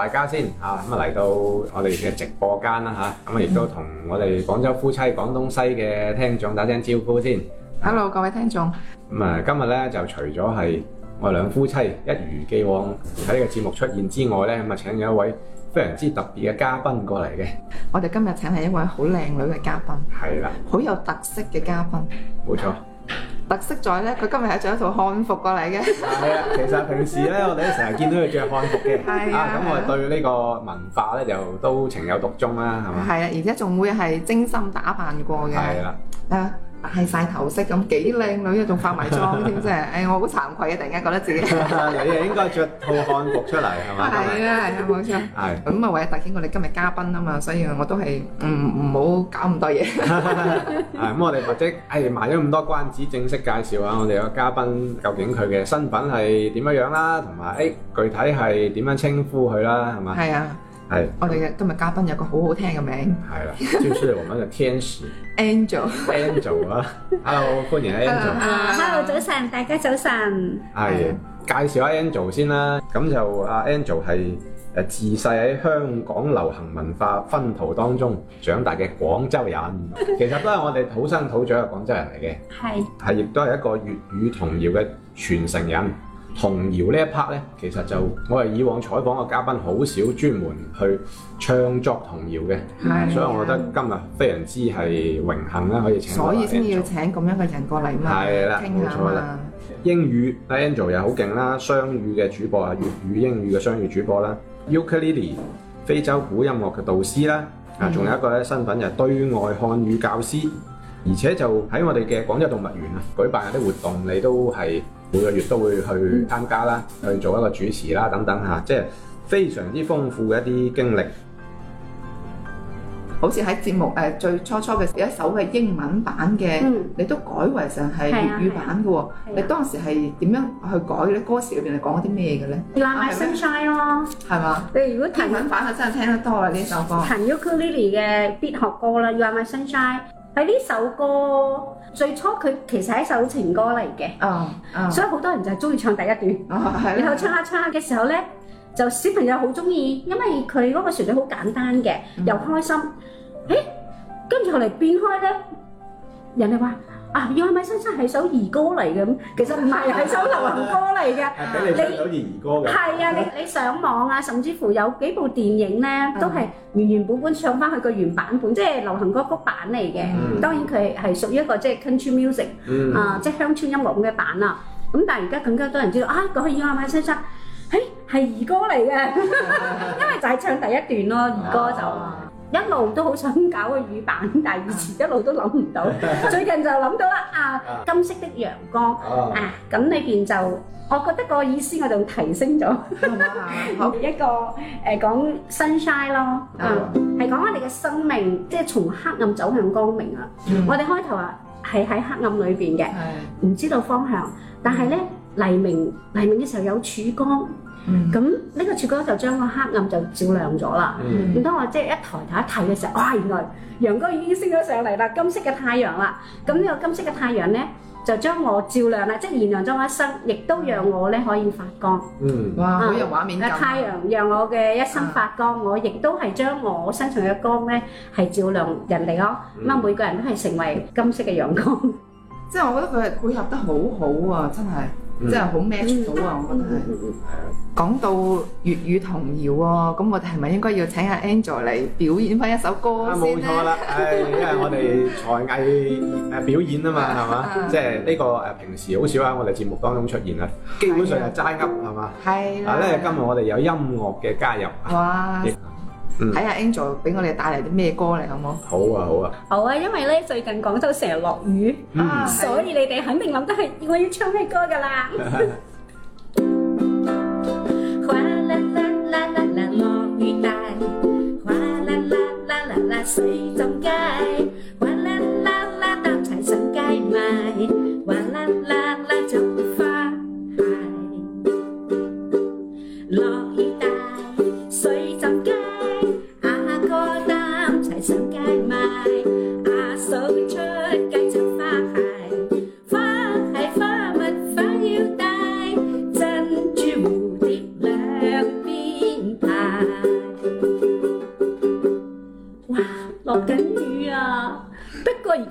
大家先嚇，咁啊嚟到我哋嘅直播間啦嚇，咁啊亦都同我哋廣州夫妻廣東西嘅聽眾打聲招呼先。Hello，各位聽眾。咁啊，今日咧就除咗係我哋兩夫妻一如既往喺呢個節目出現之外咧，咁啊請咗一位非常之特別嘅嘉賓過嚟嘅。我哋今日請係一位好靚女嘅嘉賓。係啦。好有特色嘅嘉賓。冇錯。特色在咧，佢今日係着一套漢服過嚟嘅。係啊，其實平時咧，我哋都成日見到佢着漢服嘅。係 啊，咁我哋對呢個文化咧，就都情有獨鍾啦，係嘛。 係啊，而且仲會係精心打扮過嘅。係啦，啊。啊戴晒頭飾咁幾靚女啊，仲化埋妝添啫！唉、 哎，我好慚愧啊，突然間覺得自己。你啊 應該着套漢服出嚟係嘛？係啊，係啊，冇錯。係 天。咁啊為咗突顯我哋今日嘉賓啊嘛，所以我都係唔唔好搞咁多嘢。係咁，我哋或者誒賣咗咁多關子，正式介紹下我哋個嘉賓究竟佢嘅身份係點樣樣啦，同埋誒具體係點樣稱呼佢啦，係嘛？係啊。係，我哋嘅今日嘉賓有個好好聽嘅名，係啦， 就是我 們的天使 Angel，Angel 啊，Hello，歡迎 Angel，Hello，早晨，大家早晨。係，介紹下 Angel 先啦，咁就阿 Angel 係誒、呃、自細喺香港流行文化熏陶當中長大嘅廣州人，其實都係我哋土生土長嘅廣州人嚟嘅。係的，係亦都係一個粵語童謠嘅傳承人。童謠呢一 part 呢，其實就我係以往採訪嘅嘉賓，好少專門去唱作童謠嘅，的所以我覺得今日非常之係榮幸啦，可以請到所以先要請咁 Angel 樣嘅人過嚟嘛，傾的下嘛。英語 Angel 又好勁啦，雙語嘅主播啊，粵語英語嘅雙語主播啦 Ukulele 非洲鼓音樂嘅導師啦，啊的，仲有一個咧身份就係對外漢語教師，而且就喺我哋嘅廣州動物園啊舉辦啲活動，你都係。每個月都會去參加啦，去做一個主持啦等等嚇，即係非常之豐富嘅一啲經歷。好似喺節目誒最初初嘅有一首嘅英文版嘅，你都改為成係粵語版嘅喎。你當時係點樣去改啲歌詞入邊？你講啲咩嘅咧？You Are My Sunshine 咯，係嘛？你如果英文版就真係聽得多啦呢首歌。陳 Ukulele 嘅《必學歌》啦，You Are My Sunshine。喺呢首歌最初佢其實係一首情歌嚟嘅，所以好多人就係中意唱第一段。然後唱下唱下嘅時候咧，就小朋友好中意，因為佢嗰個旋律好簡單嘅，又開心。誒，跟住後嚟變開咧，人哋話。啊！要愛愛先生係首兒歌嚟嘅，其實唔係係首流行歌嚟嘅。你有兒歌嘅。係啊，你你上網啊，甚至乎有幾部電影咧，都係原原本本唱翻佢個原版本，即係流行歌曲版嚟嘅。當然佢係屬於一個即係 country music 啊，即係鄉村音樂咁嘅版啦。咁但係而家更加多人知道啊，講起要愛愛先生，誒係兒歌嚟嘅，因為就係唱第一段咯，兒歌就。一路都好想搞個粵語版，但以前一路都諗唔到，最近就諗到啦。啊，金色的陽光啊，咁裏邊就我覺得個意思我就提升咗，一個誒講 sunshine 咯，係講我哋嘅生命，即係從黑暗走向光明啊！我哋開頭啊係喺黑暗裏邊嘅，唔知道方向，但係咧黎明黎明嘅時候有曙光。咁呢個曙光就將個黑暗就照亮咗啦。咁當我即係一抬頭一睇嘅時候，哇！原來陽光已經升咗上嚟啦，金色嘅太陽啦。咁呢個金色嘅太陽咧，就將我照亮啦，即係燃亮咗我一生，亦都讓我咧可以發光。嗯，哇！嗰個畫面太陽讓我嘅一生發光，我亦都係將我身上嘅光咧係照亮人哋咯。咁啊，每個人都係成為金色嘅陽光。即係我覺得佢係配合得好好啊，真係。嗯、真係好 match 到啊！我覺得係。嗯、講到粵語童謠喎，咁我哋係咪應該要請阿 Angel 嚟表演翻一首歌先？冇、啊、錯啦，誒、 哎，因為我哋才藝誒表演啊嘛，係嘛？ 即係呢個誒、啊、平時好少喺、嗯、我哋節目當中出現啊，基本上係齋噏係嘛？係啦。咧、啊啊嗯，今日我哋有音樂嘅加入。哇！ 睇下 Angel 俾我哋帶嚟啲咩歌嚟，好唔好？好啊，好啊。好啊，因為咧最近廣州成日落雨啊，所以你哋肯定諗得係我要唱咩歌噶啦。嘩啦啦啦啦啦落雨大，嘩啦啦啦啦啦水浸街，嘩啦啦啦擔柴上街賣。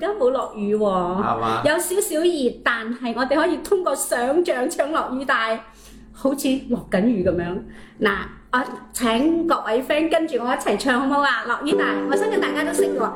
而家冇落雨喎，啊、吧有少少熱，但係我哋可以通過想像唱落雨大，好似落緊雨咁樣。嗱，我請各位 friend 跟住我一齊唱，好唔好啊？落雨大，我相信大家都識嘅喎。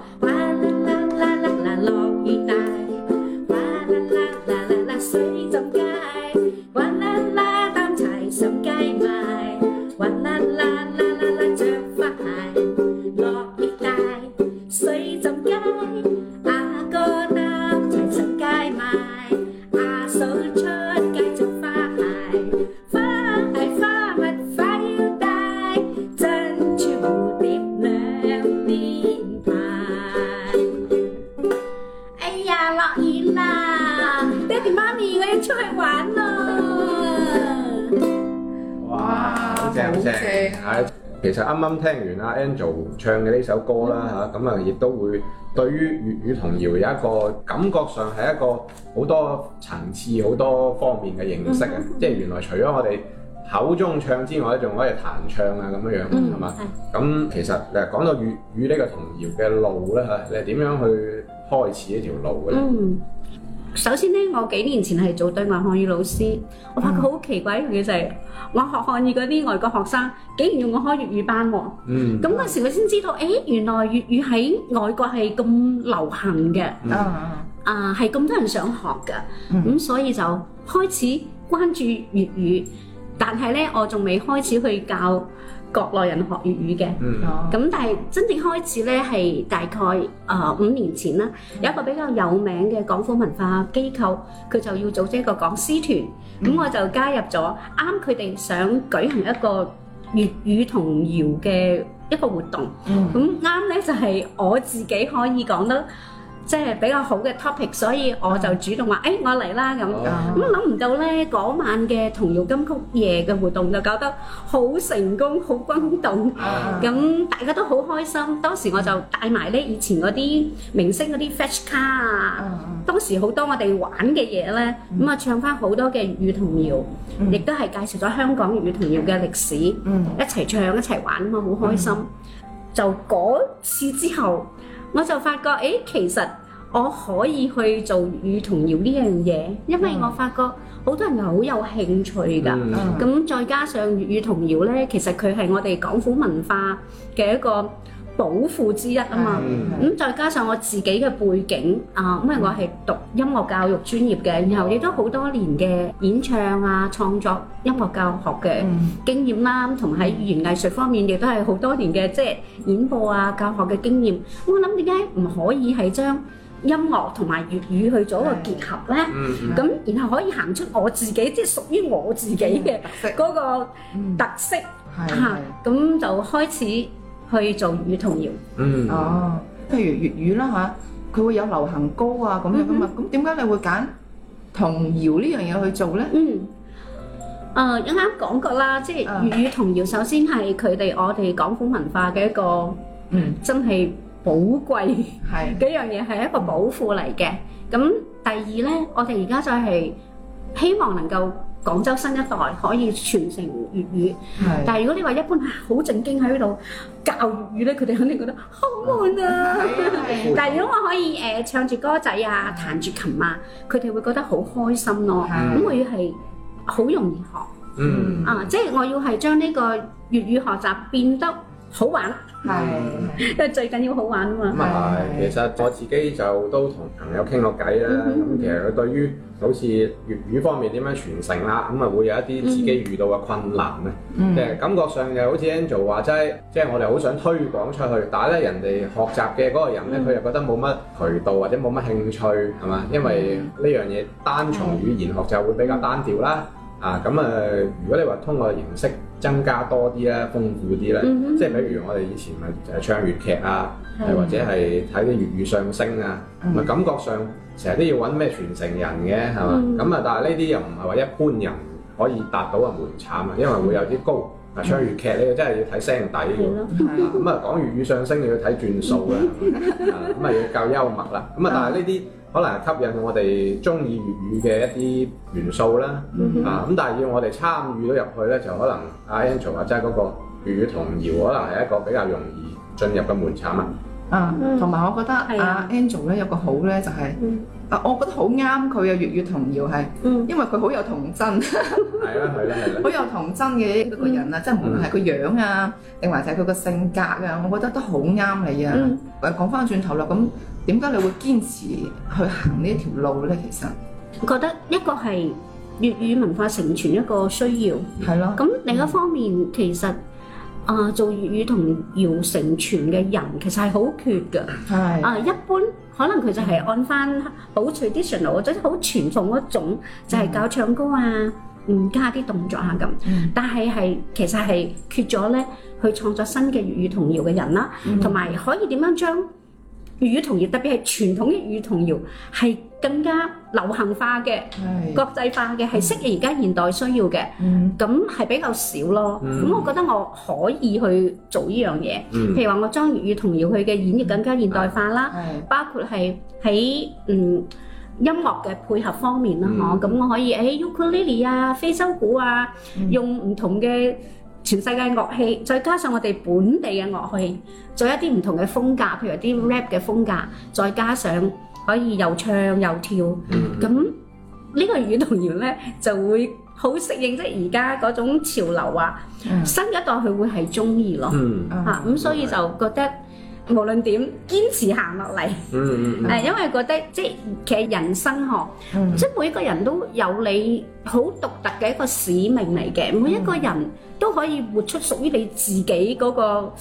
啱啱聽完阿 Angel 唱嘅呢首歌啦嚇，咁啊亦都會對於粵語童謠有一個感覺上係一個好多層次、好、嗯、多方面嘅認識嘅，嗯、即係原來除咗我哋口中唱之外咧，仲可以彈唱啊咁樣樣，係嘛？咁其實你講到粵語呢個童謠嘅路咧嚇，你係點樣去開始條呢條路嘅？嗯首先咧，我幾年前係做對外漢語老師，我發覺好奇怪嘅嘢就係，其實我學漢語嗰啲外國學生，竟然要我開粵語班喎。咁嗰、嗯、時我先知道，誒、欸、原來粵語喺外國係咁流行嘅，嗯、啊，係咁多人想學㗎，咁、嗯嗯、所以就開始關注粵語。但係咧，我仲未開始去教。國內人學粵語嘅，咁、嗯、但係真正開始呢係大概誒五、呃、年前啦，有一個比較有名嘅廣府文化機構，佢就要組織一個講師團，咁、嗯、我就加入咗。啱佢哋想舉行一個粵語童謠嘅一個活動，咁啱、嗯、呢，就係、是、我自己可以講得。即係比較好嘅 topic，所以我就主動話，誒，我嚟啦咁。咁諗唔到咧，嗰晚嘅童謠金曲夜嘅活動就搞得好成功，好轟動。咁大家都好開心。當時我就帶埋咧以前嗰啲明星嗰啲 flash 卡啊。當時好多我哋玩嘅嘢咧，咁啊唱翻好多嘅粵語童謠，亦都係介紹咗香港粵語童謠嘅歷史。一齊唱，一齊玩啊嘛，好開心。就嗰次之後，我就發覺，誒、欸，其實我可以去做粵語童謠呢樣嘢，因為我發覺好多人係好有興趣㗎。咁、嗯、再加上粵語童謠呢，其實佢係我哋廣府文化嘅一個保護之一啊嘛的，咁、嗯、再加上我自己嘅背景、嗯、啊，因為我係讀音樂教育專業嘅，嗯、然後亦都好多年嘅演唱啊、創作音樂教學嘅經驗啦、啊，同喺、嗯、語言藝術方面亦都係好多年嘅即係演播啊、教學嘅經驗、嗯啊。我諗點解唔可以係將音樂同埋粵語去做一個結合呢？咁、嗯嗯、然後可以行出我自己即係屬於我自己嘅嗰個特色、嗯嗯、啊，咁就開始去做粵語童謠，嗯，哦，譬如粵語啦嚇，佢會有流行歌啊咁樣噶嘛，咁點解你會揀童謠呢樣嘢去做咧？嗯，誒一啱講過啦，即係粵語童謠，首先係佢哋我哋廣府文化嘅一個真係寶貴，係幾樣嘢係一個寶庫嚟嘅。咁第二咧，我哋而家就係希望能夠。廣州新一代可以傳承粵語，的但係如果你話一般好正經喺度教粵語呢，佢哋肯定覺得好悶啊！哦、 但係如果我可以誒、呃、唱住歌仔啊、的彈住琴啊，佢哋會覺得好開心咯、啊。咁的我要係好容易學，嗯嗯、啊，即係我要係將呢個粵語學習變得好玩，係是，因為 最緊要好玩啊嘛。咁啊係，是其實我自己就都同朋友傾過偈啦。咁、mm hmm. 其實佢對於好似粵語，語方面點樣傳承啦，咁啊、mm hmm. 會有一啲自己遇到嘅困難咧。即係、mm hmm. 感覺上又好似 Angel 話齋，即、就、係、是、我哋好想推廣出去，但係咧人哋學習嘅嗰個人咧，佢又、mm hmm. 覺得冇乜渠道或者冇乜興趣，係嘛？因為呢、mm hmm. 樣嘢單從語言學習會比較單調啦。Mm hmm. mm hmm. 啊，咁啊，如果你話通過形式增加多啲咧，豐富啲咧，即係比如我哋以前咪誒唱粵劇啊，誒或者係睇啲粵語相聲啊，咪感覺上成日都要揾咩傳承人嘅，係嘛？咁啊，但係呢啲又唔係話一般人可以達到啊門檻啊，因為會有啲高。嗱，唱粵劇呢要真係要睇聲底嘅，咁啊講粵語相聲你要睇轉數嘅，咁啊要夠幽默啦，咁啊但係呢啲。可能係吸引我哋中意粵語嘅一啲元素啦，啊咁、mm hmm. 呃、但係要我哋參與到入去咧，就可能阿 Angel 話齋嗰個粵語童謠，可能係一個比較容易進入嘅門檻、mm hmm. 啊。嗯，同埋我覺得阿 Angel 咧有個好咧，就係啊，我覺得好啱佢嘅粵語童謠係，mm hmm. 因為佢好有童真，係啦係啦係啦，好有童真嘅一個人啊，mm hmm. 即係無論係個樣啊，定還係佢個性格啊，我覺得都好啱你啊。喂、mm，講翻轉頭啦，咁。點解你會堅持去行呢一條路咧？其實覺得一個係粵語文化承傳一個需要，係咯。咁另一方面，嗯、其實啊、呃，做粵語童謠承傳嘅人其實係好缺嘅。係是的 啊，一般可能佢就係按翻好 traditional，即係好是傳的統嗰種，就係、是、教唱歌啊，唔是的 加啲動作啊咁。嗯、但係係其實係缺咗咧，去創作新嘅粵語童謠嘅人啦，同埋可以點樣將粵語童謠特別係傳統粵語童謠係更加流行化嘅、的國際化嘅，係適應而家現代需要嘅。咁係、嗯、比較少咯。咁、嗯嗯、我覺得我可以去做呢樣嘢，嗯、譬如話我將粵語童謠佢嘅演繹更加現代化啦、嗯，包括係喺嗯音樂嘅配合方面啦，嗬、嗯。咁我可以喺 Ukulele、哎、啊、非洲鼓啊，嗯、用唔同嘅全世界樂器，再加上我哋本地嘅樂器，做一啲唔同嘅風格，譬如啲 rap 嘅風格，再加上可以又唱又跳，咁呢個粵語童謠呢就會好適應。即而家嗰種潮流啊，新一代佢會係鍾意咯，嚇，咁，所以就覺得無論點堅持行落嚟，誒，因為覺得即其實人生呵，即每個人都有你好獨特嘅一個使命嚟嘅，每一個人。都可以活出屬於你自己嗰個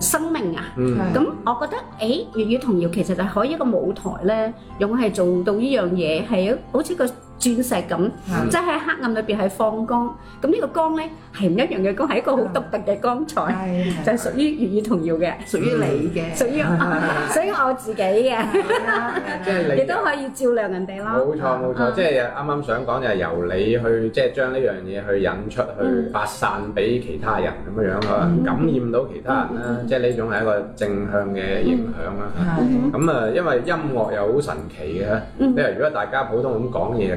生命啊！咁、嗯嗯、我覺得，誒粵語童謠其實就可以一個舞台咧，用係做到呢樣嘢，係好似個，鑽石咁，即係喺黑暗裏邊係放光，咁呢個光咧係唔一樣嘅光，係一個好獨特嘅光彩，就係屬於粵語童謠嘅，屬於你嘅，屬於我，屬於我自己嘅，亦都可以照亮人哋啦。冇錯冇錯，即係啱啱想講就係由你去，即係將呢樣嘢去引出去發散俾其他人咁樣樣啊，感染到其他人啦，即係呢種係一個正向嘅影響啦。咁啊，因為音樂又好神奇嘅，因為如果大家普通咁講嘢。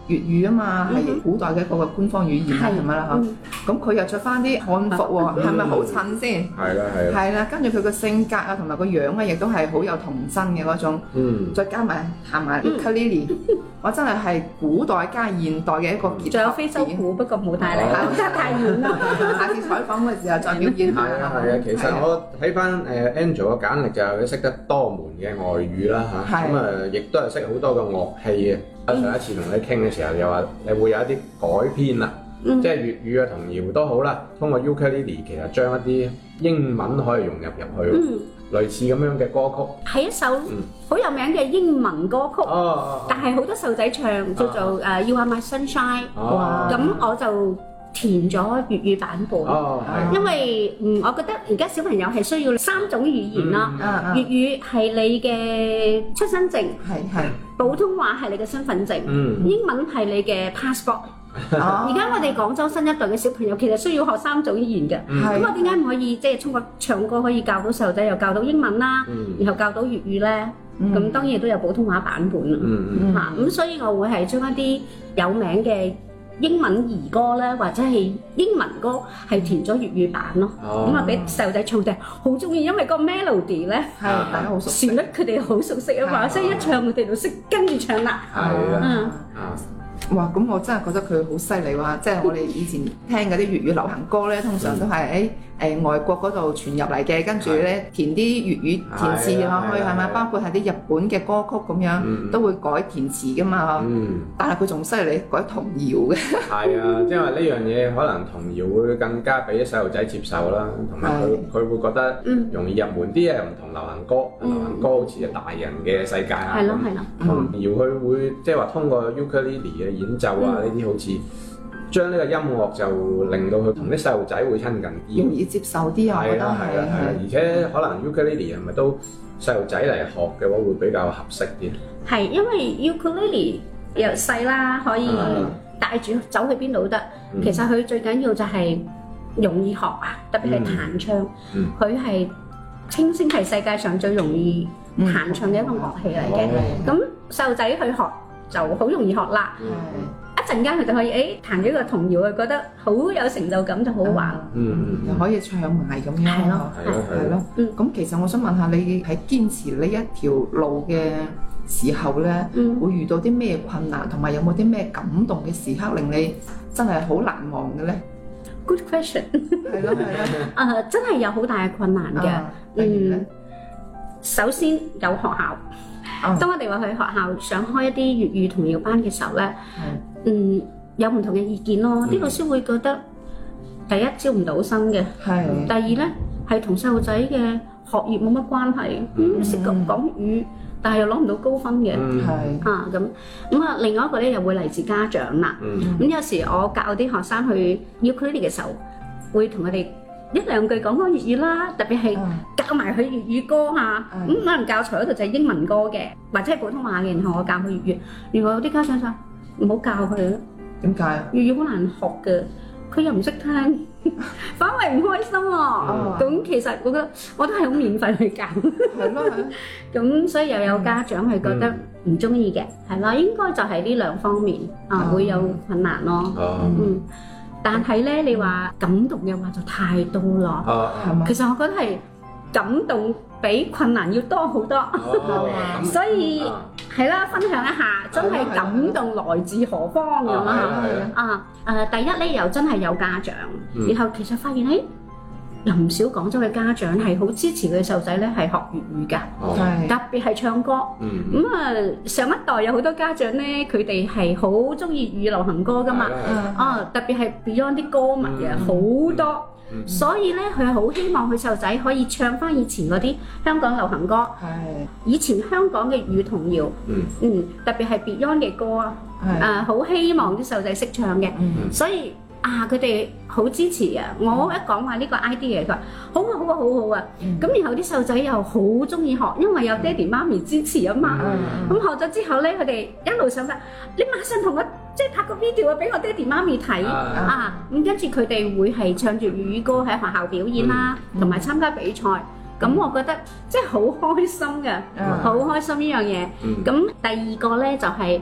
粵語啊嘛，係古代嘅一個官方語言啦，係咁樣啦？嚇，咁佢又着翻啲漢服喎，係咪好襯先？係啦，係啦，係啦。跟住佢個性格啊，同埋個樣咧，亦都係好有童真嘅嗰種。嗯。再加埋行埋 kalili，我真係係古代加現代嘅一個結合。仲有非洲鼓，不過冇帶嚟，下次採訪嘅時候再表演下。係啊係啊，其實我睇翻誒 Angel 嘅簡歷就係佢識得多門嘅外語啦嚇，咁啊亦都係識好多嘅樂器嘅。嗯、上一次同你傾嘅時候，又話你會有一啲改編啦，嗯、即係粵語嘅童謠都好啦。通過 Ukulele 其實將一啲英文可以融入入去，嗯、類似咁樣嘅歌曲。係一首好有名嘅英文歌曲，嗯哦、但係好多細仔唱叫做誒 You Are My Sunshine。咁、啊啊、我就。填咗粵語版本，因為嗯，我覺得而家小朋友係需要三種語言啦。粵語係你嘅出生證，普通話係你嘅身份證，英文係你嘅 passport。而家我哋廣州新一代嘅小朋友其實需要學三種語言嘅，咁我點解唔可以即係通過唱歌可以教到細路仔又教到英文啦，然後教到粵語呢？咁當然都有普通話版本啦。嚇咁，所以我會係將一啲有名嘅。英文兒歌咧，或者係英文歌，係填咗粵語版咯。咁啊、哦，俾細路仔唱定，好中意，因為個 melody 咧、啊，旋律佢哋好熟悉,熟悉啊嘛，所以一唱佢哋就識跟住唱啦。係啊，嗯、啊，啊，哇！咁我真係覺得佢好犀利喎！即係我哋以前聽嗰啲粵語流行歌咧， 通常都係誒。嗯誒外國嗰度傳入嚟嘅，跟住咧填啲粵語填詞落去係咪？包括係啲日本嘅歌曲咁樣，都會改填詞噶嘛。嗯，但係佢仲犀利改童謠嘅。係啊，即係話呢樣嘢可能童謠會更加俾啲細路仔接受啦，同埋佢佢會覺得容易入門啲啊，唔同流行歌，流行歌好似係大人嘅世界啊。係咯係咯，童謠佢會即係話通過 ukulele 嘅演奏啊呢啲好似。將呢個音樂就令到佢同啲細路仔會親近啲，容易接受啲啊！係啦係啦係啦，而且可能 ukulele 係咪都細路仔嚟學嘅話會比較合適啲？係因為 ukulele、er、又細啦，可以帶住走去邊度都得。嗯、其實佢最緊要就係容易學啊，特別係彈唱。佢係、嗯嗯、清聲係世界上最容易彈唱嘅一個樂器嚟嘅。咁細路仔去學就好容易學啦。陣間佢就可以誒彈咗一個童謠，佢覺得好有成就感就好玩。嗯嗯，又可以唱埋咁樣。係咯，係咯，係咯。嗯。咁其實我想問下你喺堅持呢一條路嘅時候咧，會遇到啲咩困難，同埋有冇啲咩感動嘅時刻令你真係好難忘嘅咧？Good question。係啊係啊。誒，真係有好大嘅困難嘅。嗯。例如首先有學校，當我哋話去學校想開一啲粵語童謠班嘅時候咧。嗯，有唔同嘅意見咯。啲、嗯、老師會覺得第一招唔到生嘅，身是第二咧係同細路仔嘅學業冇乜關係，識講講粵語，嗯、但係又攞唔到高分嘅、嗯啊。嗯，啊咁咁啊，另外一個咧又會嚟自家長啦。咁、嗯嗯嗯、有時我教啲學生去尤克里里嘅時候，會同佢哋一兩句講翻粵語啦，特別係教埋佢粵語歌嚇。咁、嗯嗯、可能教材嗰度就係英文歌嘅，或者係普通話嘅，然後我教佢粵語，然後有啲家長想。唔好教佢咯，點解啊？粵語好難學嘅，佢又唔識聽，反為唔開心喎。咁其實我覺得我都係好免費去教，係咯。咁所以又有家長係覺得唔中意嘅，係咯。應該就係呢兩方面啊，會有困難咯。嗯，但係咧，你話感動嘅話就太多啦。啊，係嘛？其實我覺得係感動比困難要多好多，所以。係啦，分享一下，真係感動來自何方咁，哦、啊！啊，誒，第一咧又真係有家長，嗯、然後其實發現，誒，有唔少廣州嘅家長係好支持佢嘅細仔咧係學粵語噶，哦，特別係唱歌。咁啊，嗯嗯，上一代有好多家長咧，佢哋係好中意粵語流行歌噶嘛，的啊，啊嗯，特別係 Beyond 啲歌迷啊，好，嗯嗯、多。 所以咧，佢好希望佢細路仔可以唱翻以前嗰啲香港流行歌，是的 以前香港嘅粵語童謠，嗯，嗯，特別係 Beyond 嘅歌是的 啊，啊，好希望啲細路仔識唱嘅，嗯、所以。啊！佢哋好支持啊！我一講話呢個 idea 佢話好啊好啊好好啊！咁、啊啊、然後啲細路仔又好中意學，因為有爹哋媽咪支持啊嘛。咁學咗之後咧，佢哋一路上山，你馬上同我即係拍個 video 啊，俾我爹哋媽咪睇啊！咁跟住佢哋會係唱住粵語歌喺學校表演啦，同埋參加比賽。咁、嗯、我覺得即係好開心嘅，好、啊、開心呢樣嘢。咁、嗯、第二個咧就係、是。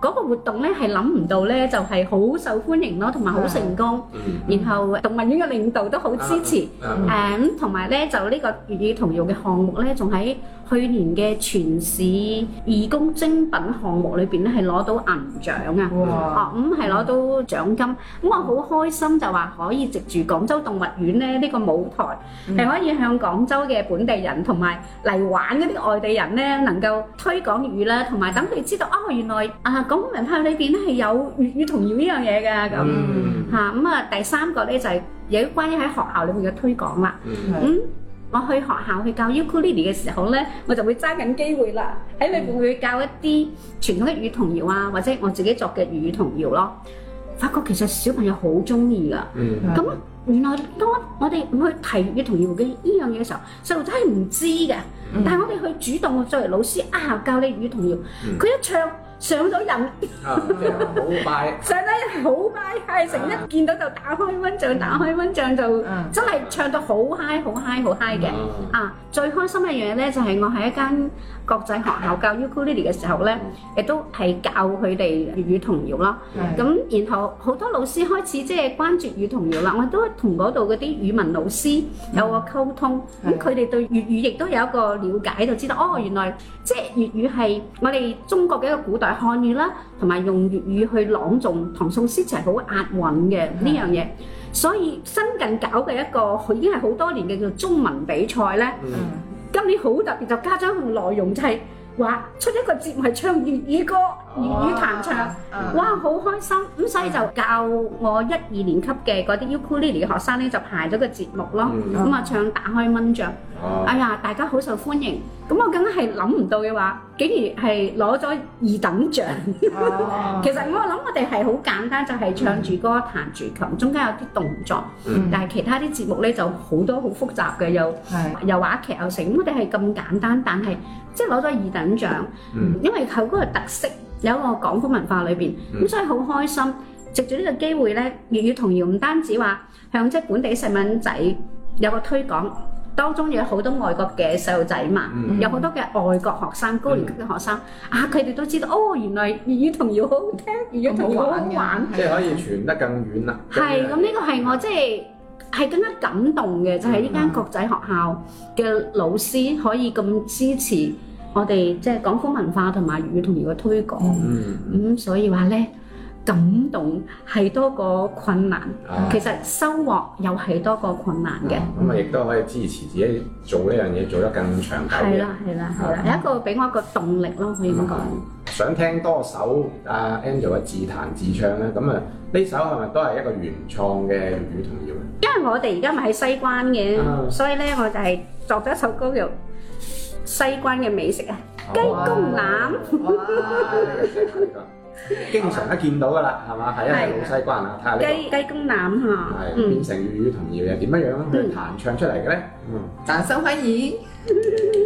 嗰個活動咧係諗唔到咧，就係好受歡迎咯，同埋好成功。嗯。然後動物園嘅領導都好支持。啊。誒咁，同埋咧就呢個粵語童謠嘅項目咧，仲喺去年嘅全市義工精品項目裏邊咧，係攞到銀獎啊！哇！哦，咁係攞到獎金，咁我好開心，就話可以藉住廣州動物園咧呢個舞台，係可以向廣州嘅本地人同埋嚟玩嗰啲外地人咧，能夠推廣粵語啦，同埋等佢哋知道哦，原來啊～咁文化裏邊咧係有粵語童謠呢樣嘢㗎，咁嚇咁啊、嗯！第三個咧就係有關於喺學校裏面嘅推廣啦。咁、嗯嗯、我去學校去教 Ukulele、ok、嘅時候咧，我就會揸緊機會啦，喺裏邊會教一啲傳統嘅粵語童謠啊，或者我自己作嘅粵語童謠咯。發覺其實小朋友好中意㗎。咁原來當我哋唔去提粵語童謠嘅呢樣嘢嘅時候，細路仔係唔知嘅。嗯、但係我哋去主動作為老師啊，教你粵語童謠，佢一唱。上咗人， 人，好快，上咗人好快，係成日見到就打開蚊帳，打開蚊帳就、嗯、真係唱到好嗨、好嗨、嗯、好嗨嘅啊！最開心嘅一樣嘢咧，就係我喺一間。國際學校教 Ukulele 嘅時候咧，亦都係教佢哋粵語童謠啦。咁然後好多老師開始即係關注粵語童謠啦。我都同嗰度嗰啲語文老師有個溝通，咁佢哋對粵語亦都有一個瞭解，就知道哦，原來即係粵語係我哋中國嘅一個古代漢語啦，同埋用粵語去朗誦唐宋詩詞係好押韻嘅呢樣嘢。所以新近搞嘅一個佢已經係好多年嘅叫做中文比賽咧。今年好特別，就加咗一個內容，就係，就係話出一個節目係唱粵語歌、粵語彈唱，哇，好開心！咁、嗯、所以就教我一二年級嘅嗰啲尤克里里學生咧，就排咗個節目咯，咁啊唱《打開蚊帳》。哎呀，大家好受歡迎咁，我更加係諗唔到嘅話，竟然係攞咗二等獎。其實我諗，我哋係好簡單，就係唱住歌、彈住琴，中間有啲動作。嗯。但係其他啲節目呢就好多好複雜嘅，又又話劇又成。咁我哋係咁簡單，但係即係攞咗二等獎，因為靠嗰個特色，有一個廣府文化裏邊咁，所以好開心。藉住呢個機會呢，粵語童謠唔單止話向即係本地細蚊仔有個推廣。當中有好多外國嘅細路仔嘛，嗯、有好多嘅外國學生、高年級嘅學生、嗯、啊，佢哋都知道哦，原來粵語童謠好好聽，粵語童謠好好玩，玩即係可以傳得更遠啦。係咁，呢、呢個係我即係係更加感動嘅，就係呢間國際學校嘅老師可以咁支持我哋即係廣府文化同埋粵語童謠嘅推廣。咁、嗯嗯、所以話咧。感動係多過困難，其實收穫又係多過困難嘅。咁啊，亦都可以支持自己做呢樣嘢，做得更長久嘅。係啦，係啦，係啦，有一個俾我一個動力咯，可以噉講。想聽多首阿 Angel 嘅自彈自唱咧，咁啊，呢首係咪都係一個原創嘅粵語童謠咧？因為我哋而家咪喺西關嘅，所以咧我就係作咗一首歌叫《西關嘅美食》啊，雞公欖。 經常都見到噶啦，係嘛？係啊，老西關啊，雞雞公欖嚇，係變是、嗯、成粵語童謠又點樣樣去彈唱出嚟嘅咧？嗯，掌聲、嗯啊、可以。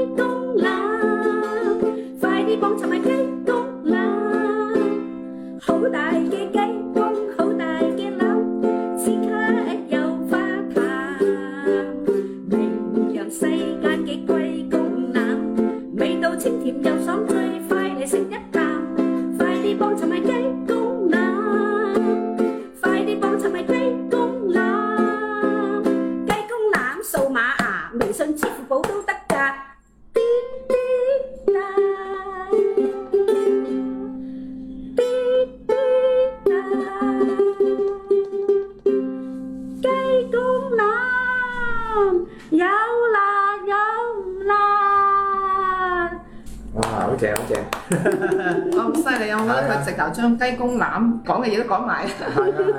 雞公欖講嘅嘢都講埋，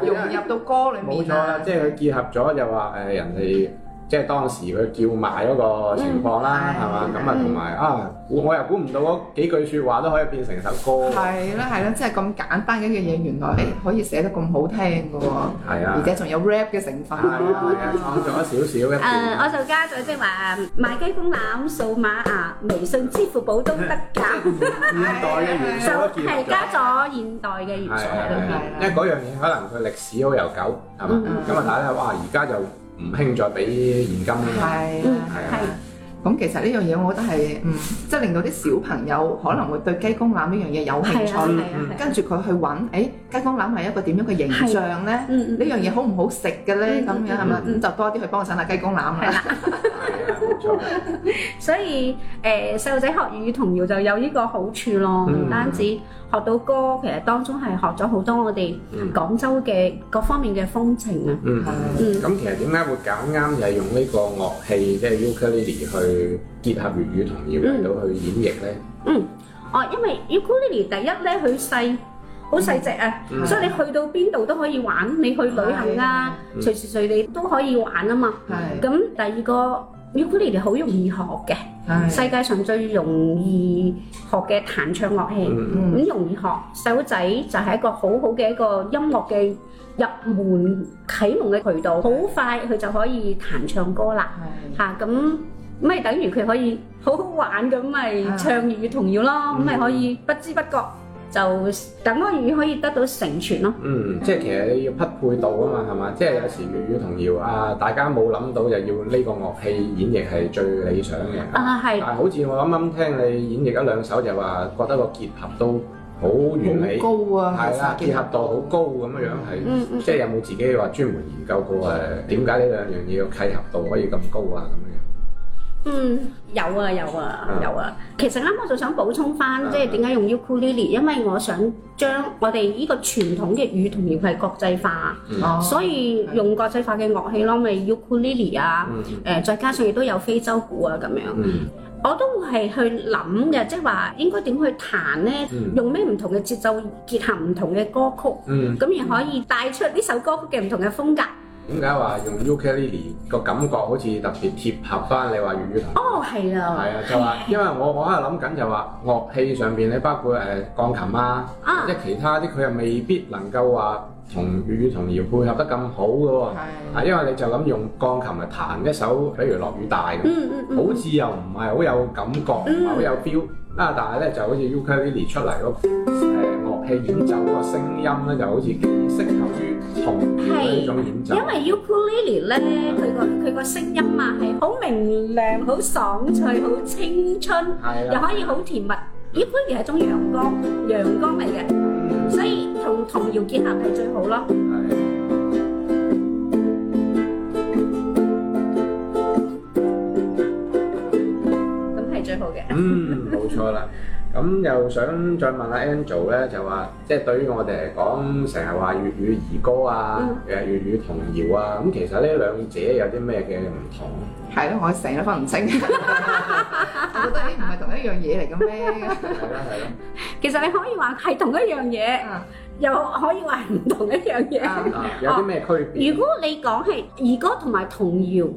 融 入到歌裏面。冇 錯啦，即係佢結合咗，就話誒人哋即係當時佢叫賣嗰個。情況啦，係嘛？咁啊，同埋啊，我又估唔到嗰幾句説話都可以變成首歌。係啦，係啦，即係咁簡單嘅嘢，原來可以寫得咁好聽㗎喎。係啊，而且仲有 rap 嘅成分啦。創作咗少少嘅。誒，我就加咗即係話買雞風冷數碼啊，微信、支付寶都得㗎。現代嘅元素係加咗現代嘅元素。因為嗰樣嘢可能佢歷史好悠久，係嘛？咁啊，大家，哇！而家就～唔興再俾現金啦，係啊，係啊。咁其實呢樣嘢，我覺得係，嗯，即係令到啲小朋友可能會對雞公欖呢樣嘢有興趣，跟住佢去揾，誒，雞公欖係一個點樣嘅形象呢？呢樣嘢好唔好食嘅呢？咁樣係嘛？咁就多啲去幫襯下雞公欖啦。所以誒，細路仔學粵語童謠就有呢個好處咯，唔單止。學到歌，其實當中係學咗好多我哋廣州嘅各方面嘅風情啊！嗯，咁其實點解會咁啱就係用呢個樂器，即係 Ukulele 去結合粵語童謠去演繹咧？嗯，哦，因為 Ukulele 第一咧，佢細，好細隻啊，所以你去到邊度都可以玩，你去旅行啊，隨時隨地都可以玩啊嘛。係。咁第二個 Ukulele 好容易學嘅。哎、世界上最容易學嘅彈唱樂器，咁、嗯嗯、容易學，細路仔就係一個好好嘅一個音樂嘅入門啟蒙嘅渠道，好、哎、快佢就可以彈唱歌啦，嚇咁咁咪等於佢可以好好玩咁咪唱粵語童謠咯，咁咪、哎嗯、可以不知不覺。就等個粵語可以得到成全咯。嗯，即係其實你要匹配到啊嘛，係嘛、嗯？即係有時粵語童謠啊，大家冇諗到就要呢個樂器演繹係最理想嘅。嗯、啊，係。但係好似我啱啱聽你演繹一兩首，就話覺得個結合都好完美，高啊，係啦，結合度好高咁、嗯、樣樣係，嗯嗯、即係有冇自己話專門研究過誒點解呢兩樣嘢嘅契合度可以咁高啊咁樣？嗯，有啊有啊有啊，其實呢我就想補充翻，即係點解用 ukulele？因為我想將我哋呢個傳統嘅語同調係國際化，mm hmm. 所以用國際化嘅樂器咯，咪 ukulele 啊，誒、mm hmm. 呃、再加上亦都有非洲鼓啊咁樣。Mm hmm. 我都係去諗嘅，即係話應該點去彈呢？Mm hmm. 用咩唔同嘅節奏結合唔同嘅歌曲，咁亦、mm hmm. 可以帶出呢首歌曲嘅唔同嘅風格。點解話用 ukulele 個感覺好似特別貼合返你話粵語童謠。哦，係啊，係啊的，就話的因為我我喺度諗緊就話樂器上邊咧，包括誒鋼琴啊，即係、啊、其他啲佢又未必能夠話同粵語童謠配合得咁好嘅喎。啊，的因為你就諗用鋼琴嚟彈一首，比如落雨大噉，嗯嗯嗯、好似又唔係好有感覺，唔係好有 feel 啊！但係咧就好似 ukulele 出嚟咯。嗯嗯係演奏個聲音咧，就好似幾適合於童謠嘅演奏。因為 Ukulele 咧，佢個佢個聲音啊，係好明亮、好爽脆、好青春，的又可以好甜蜜。Ukulele 係一種陽光、陽光嚟嘅，嗯、所以同童謠結合係最好咯。咁係最好嘅。嗯，冇錯啦。咁又想再問下 Angel 咧，就話即係對於我哋嚟講，成日話粵語兒歌啊，誒粵語童謠啊，咁其實呢兩者有啲咩嘅唔同？係咯，我成日分唔清，我覺得唔係同一樣嘢嚟嘅咩？係咯係咯。其實你可以話係同一樣嘢，又可以話唔同一樣嘢。啊啊！有啲咩區別？如果你講係兒歌同埋童謠，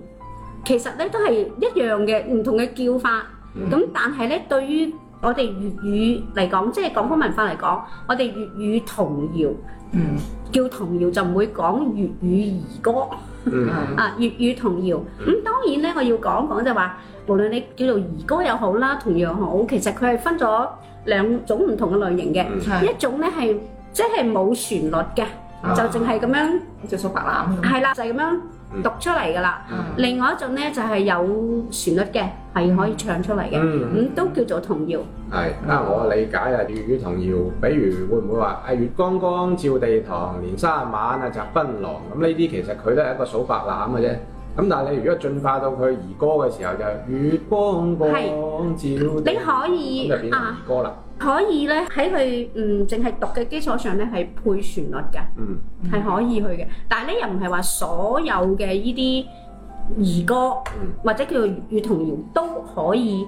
其實咧都係一樣嘅，唔同嘅叫法。咁但係咧，對於我哋粵語嚟講，即係廣東文化嚟講，我哋粵語童謠，嗯，叫童謠就唔會講粵語兒歌，嗯、 啊，啊粵語童謠，咁、嗯、當然咧，我要講講就話，無論你叫做兒歌又好啦，童謠又好，其實佢係分咗兩種唔同嘅類型嘅，的一種咧係即係冇旋律嘅，就淨係咁樣，啊、就數白欖，係啦， 就係、是、咁樣。讀出嚟噶啦，嗯、另外一種咧就係、是、有旋律嘅，係可以唱出嚟嘅，咁、嗯、都叫做童謠。係，啊，我理解啊，粵語童謠，比如會唔會話啊？月光光照地堂，連山晚啊，摘檳榔咁呢啲，其實佢都係一個數白欖嘅啫。咁但係你如果進化到佢兒歌嘅時候，就月光光照，你可以啊歌啦，可以咧喺佢唔淨係讀嘅基礎上咧，係配旋律嘅，嗯係可以去嘅。但係咧又唔係話所有嘅依啲兒歌或者叫做兒童謠都可以。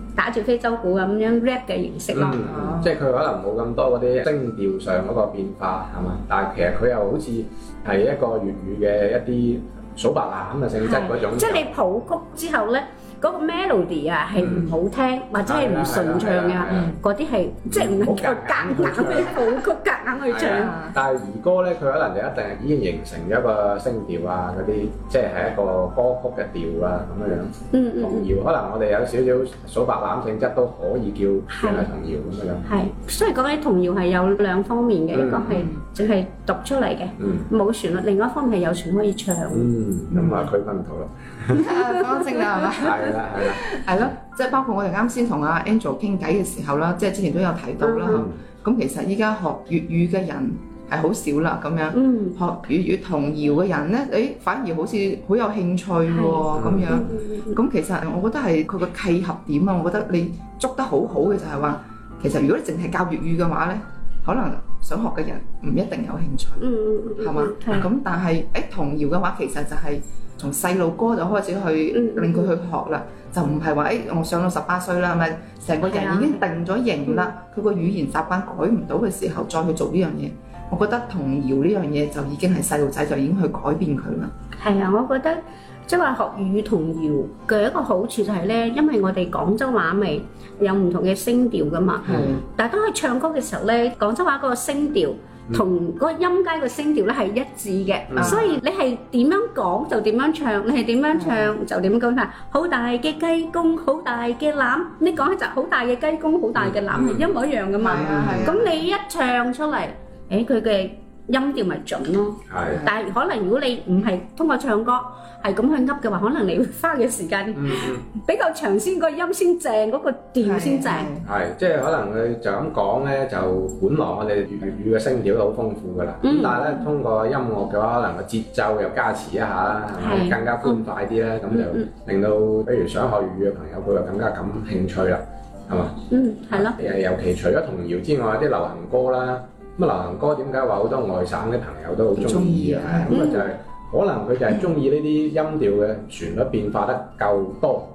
打住非洲鼓咁樣 rap 嘅形式咯，嗯啊、即係佢可能冇咁多嗰啲聲調上嗰個變化，係嘛？但係其實佢又好似係一個粵語嘅一啲數白欖嘅性質嗰種。是種即係你譜曲之後咧。嗰個 melody 啊，係唔好聽、嗯、或者係唔順暢啊，嗰啲係即係唔夠夾硬嘅，好夾對硬去唱。去唱 但係兒歌咧，佢可能就一定已經形成咗一個聲調啊，嗰啲即係係一個歌曲嘅調啊，咁樣樣童謠。可能我哋有少少數白欖性質都可以叫算童謠咁樣。係，所以講起童謠係有兩方面嘅，一個係，嗯就係讀出嚟嘅，冇旋律。另外一方面係有旋律可以唱。嗯，咁啊，區分到囉。講正啦，係嘛？係啦，係啦。係咯，即係包括我哋啱先同阿 Angel 傾偈嘅時候啦，即係之前都有睇到啦。咁其實依家學粵語嘅人係好少啦，咁樣。學粵語童謠嘅人咧，誒，反而好似好有興趣喎，咁樣。咁其實我覺得係佢個契合點啊，我覺得你捉得好好嘅就係話，其實如果你淨係教粵語嘅話咧，可能。想學嘅人唔一定有興趣，係嘛？咁但係誒、欸、童謠嘅話，其實就係從細路哥就開始去令佢、嗯、去學啦，就唔係話誒我上到十八歲啦，係咪成個人已經定咗型啦？佢個、啊、語言習慣改唔到嘅時候，再去做呢樣嘢，我覺得童謠呢樣嘢就已經係細路仔就已經去改變佢啦。係啊，我覺得。即係話粵語童謠，嘅一個好處就係咧，因為我哋廣州話咪有唔同嘅聲調噶嘛。係、嗯。但當佢唱歌嘅時候咧，廣州話嗰個聲調同嗰音階嘅聲調咧係一致嘅，嗯、所以你係點樣講就點樣唱，你係點樣唱就點樣講。係、嗯，好大嘅雞公，好大嘅欖，你講就好大嘅雞公，好大嘅欖係一模一樣噶嘛。係咁、嗯嗯嗯啊啊啊、你一唱出嚟，誒佢嘅。音調咪準咯，但係可能如果你唔係通過唱歌係咁去噏嘅話，可能你會花嘅時間比較長先個音先正，嗰個調先正。係，即係可能佢就咁講咧，就本來我哋粵粵語嘅聲調都好豐富噶啦。咁但係咧，通過音樂嘅話，可能個節奏又加持一下啦，係咪更加歡快啲咧？咁就令到比如想學粵語嘅朋友佢又更加感興趣啦，係嘛？嗯，係咯。誒，尤其除咗童謠之外，啲流行歌啦。咁啊，流行歌點解話好多外省嘅朋友都好中意啊？咁啊、就係，就係可能佢就係中意呢啲音調嘅旋律變化得夠多，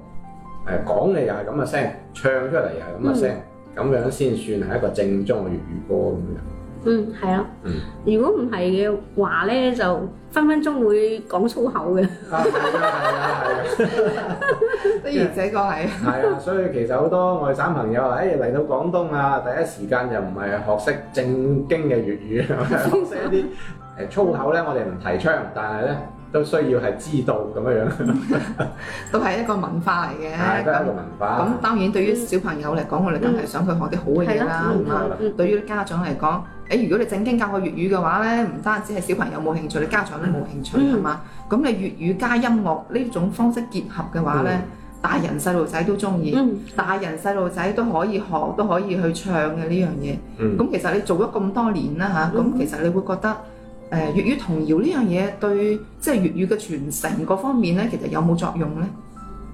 誒講嘅又係咁嘅聲，唱出嚟又係咁嘅聲，咁 樣先算係一個正宗嘅粵語歌咁樣。嗯，係啊，如果唔係嘅話咧，就分分鐘會講粗口嘅。係啊係啊係。呢個係。係啊，所以其實好多外省朋友啊，誒嚟到廣東啊，第一時間就唔係學識正經嘅粵語，學識一啲誒粗口咧，我哋唔提倡，但係咧都需要係知道咁樣樣。都係一個文化嚟嘅。都係一個文化。咁當然對於小朋友嚟講，我哋梗係想佢學啲好嘅嘢啦，係嘛？對於家長嚟講。誒，如果你正經教個粵語嘅話咧，唔單止係小朋友冇興趣，你、嗯、家長都冇興趣係嘛？咁、嗯、你粵語加音樂呢種方式結合嘅話咧，嗯、大人細路仔都中意，嗯、大人細路仔都可以學，都可以去唱嘅呢樣嘢。咁、嗯、其實你做咗咁多年啦嚇，咁、嗯啊、其實你會覺得誒粵、呃、語童謠呢樣嘢對即係粵語嘅傳承各方面咧，其實有冇作用咧？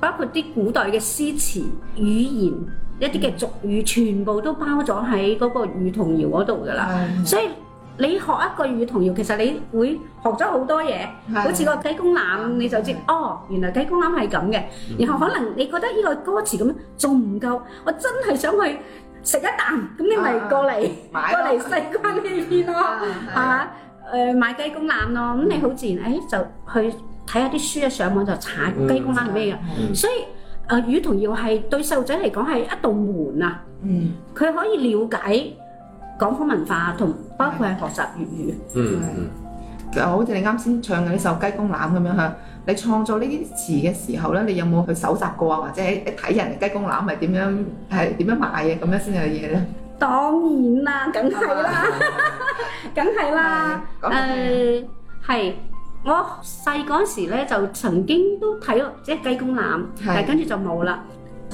包括啲古代嘅詩詞、語言一啲嘅俗語，全部都包咗喺嗰個粵語童謠嗰度噶啦。所以你學一個粵語童謠，其實你會學咗好多嘢。好似個雞公欖，你就知哦，原來雞公欖係咁嘅。然後可能你覺得呢個歌詞咁，仲唔夠？我真係想去食一啖，咁你咪過嚟過嚟西關呢邊咯，係嘛？誒買雞公欖咯，咁你好自然誒就去。睇下啲書一上網就查雞公欖係咩嘅。所以誒魚同魚係對細路仔嚟講係一道門啊，佢可以了解廣府文化同包括係學習粵語。嗯，好似你啱先唱嘅呢首雞公欖咁樣嚇，你創作呢啲詞嘅時候咧，你有冇去搜集過啊？或者睇人雞公欖係點樣係點樣賣嘅咁樣先有嘢咧？當然啦，梗係啦，梗係啦，誒係。我細嗰陣時咧，就曾經都睇過，即雞公欖，但跟住就冇啦。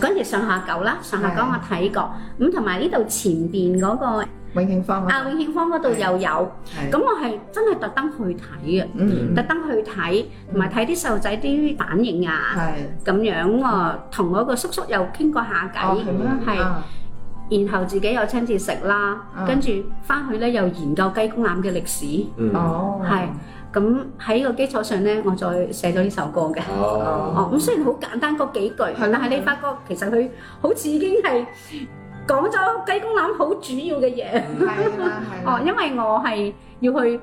跟住上下九啦，上下九我睇過，咁同埋呢度前邊嗰個永慶坊啊，永慶坊嗰度又有。咁我係真係特登去睇嘅，特登去睇，同埋睇啲細路仔啲反應啊，咁樣喎。同嗰個叔叔又傾過下偈，係，然後自己又親自食啦，跟住翻去咧又研究雞公欖嘅歷史，係。咁喺呢個基礎上咧，我再寫咗呢首歌嘅。哦，哦，咁雖然好簡單嗰幾句，的但係你發覺其實佢好似已經係講咗雞公欖好主要嘅嘢。哦，因為我係要去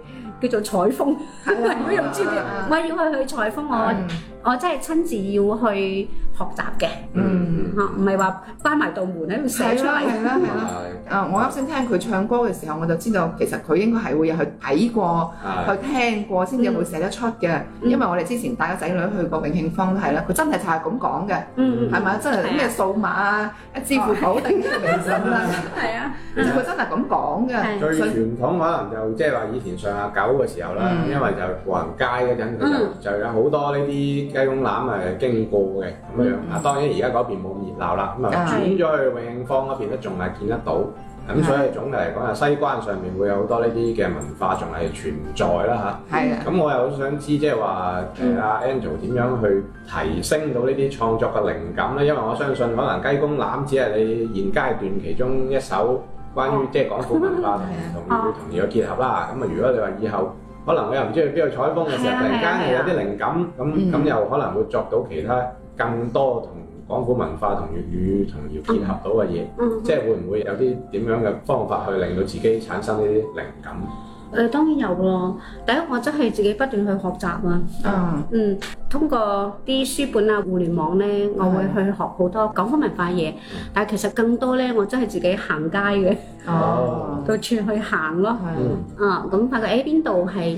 叫做採風，我又唔知點，我要去去採風我。我真係親自要去學習嘅，唔係話關埋道門喺度寫出嚟。係啦係啦啊！我啱先聽佢唱歌嘅時候，我就知道其實佢應該係會有去睇過、去聽過，先至會寫得出嘅。因為我哋之前帶個仔女去過永慶坊都係啦，佢真係就係咁講嘅。嗯嗯。係咪真係咩數碼啊、支付寶定微信啦？係啊！佢真係咁講嘅。最傳統可能就即係話以前上下九嘅時候啦，因為就步行街嗰陣，就就有好多呢啲。雞公欖係經過嘅咁樣啊，當然而家嗰邊冇咁熱鬧啦，咁啊轉咗去永慶坊嗰邊咧，仲係見得到。咁的所以總體嚟講啊，西關上面會有好多呢啲嘅文化仲係存在啦嚇。係啊的。咁我又好想知即係話誒阿 Angel 點樣去提升到呢啲創作嘅靈感咧？因為我相信可能雞公欖只係你現階段其中一首關於即係廣府文化同 同同嘅結合啦。咁啊，如果你話以後，可能我又唔知去邊度採風嘅時候，突然間又有啲靈感，咁咁又可能會作到其他更多同廣府文化同粵語同要結合到嘅嘢，嗯、即係會唔會有啲點樣嘅方法去令到自己產生呢啲靈感？誒當然有咯，第一我真係自己不斷去學習啊，嗯、嗯，通過啲書本啊、互聯網咧，我會去學好多廣府文化嘢，但係其實更多咧，我真係自己行街嘅，哦，到處去行咯，啊，咁發覺誒邊度係。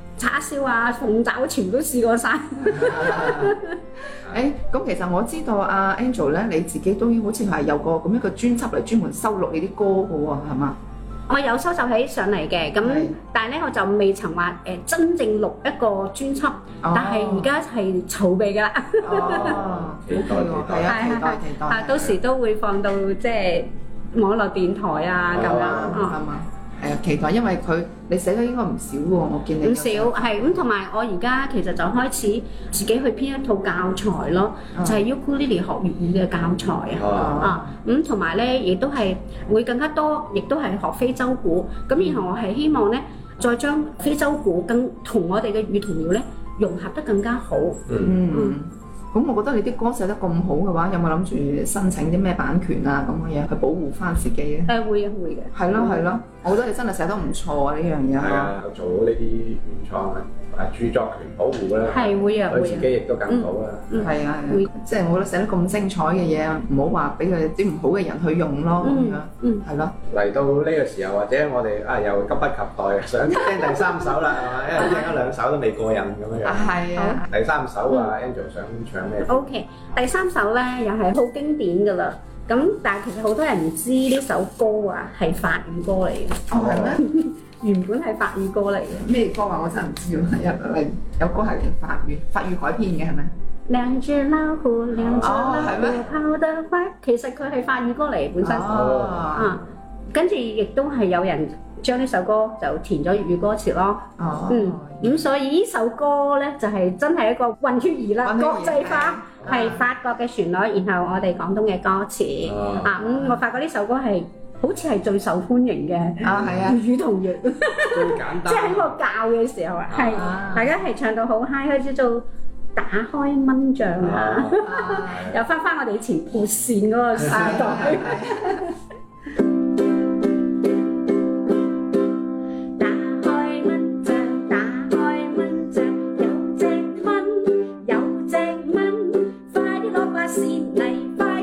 叉燒啊，鳳爪全部都試過曬。誒，咁其實我知道阿 Angel 咧，你自己當然好似係有個咁一個專輯嚟專門收錄你啲歌嘅喎，係嘛？我有收集起上嚟嘅，咁但係咧我就未曾話誒真正錄一個專輯，但係而家係儲備㗎喇。哦，好多喎，係啊，係啊，係啊，到時都會放到即係網絡電台啊咁樣，係嘛？誒期待，因為佢你寫得應該唔少喎。我見你唔少係咁，同埋我而家其實就開始自己去編一套教材咯，就係 ukulele 學粵語嘅教材啊啊咁，同埋咧亦都係會更加多，亦都係學非洲鼓咁。然後我係希望咧再將非洲鼓更同我哋嘅粵語童謠咧融合得更加好。嗯，咁我覺得你啲歌寫得咁好嘅話，有冇諗住申請啲咩版權啊？咁嘅嘢去保護返自己咧？誒會嘅，會嘅。係咯，係咯。我覺得你真係寫得唔錯啊！呢樣嘢呵，係啊，做到呢啲原創啊，啊著作權保護啦，係會啊，佢自己亦都更好啊，嗯，係啊，會，即係我覺得寫得咁精彩嘅嘢，唔好話俾佢啲唔好嘅人去用咯，咁樣，嗯，係咯。嚟到呢個時候，或者我哋啊又急不及待，想聽第三首啦，係嘛，因為聽咗兩首都未過癮咁樣，係啊，第三首啊，Angel 想唱咩？OK，第三首咧又係好經典㗎啦。咁但係其實好多人唔知呢首歌啊係法語歌嚟嘅，哦係咩？ 原本係法語歌嚟嘅咩歌啊？我真係唔知喎， 有歌係用法語，法語改編嘅係咪？兩隻老虎，兩隻老虎，跑得快。其實佢係法語歌嚟本身，啊，嗯、跟住亦都係有人將呢首歌就填咗粵語歌詞咯。哦、啊嗯，嗯，咁所以呢首歌咧就係、是、真係一個混血兒啦，兒國際化。係法國嘅旋律，然後我哋廣東嘅歌詞啊，咁我發覺呢首歌係好似係最受歡迎嘅，異曲同工，即係喺我教嘅時候，係、oh, 的大家係唱到好嗨，開始做打開蚊帳啊，又翻返我哋以前撥扇嗰個時代。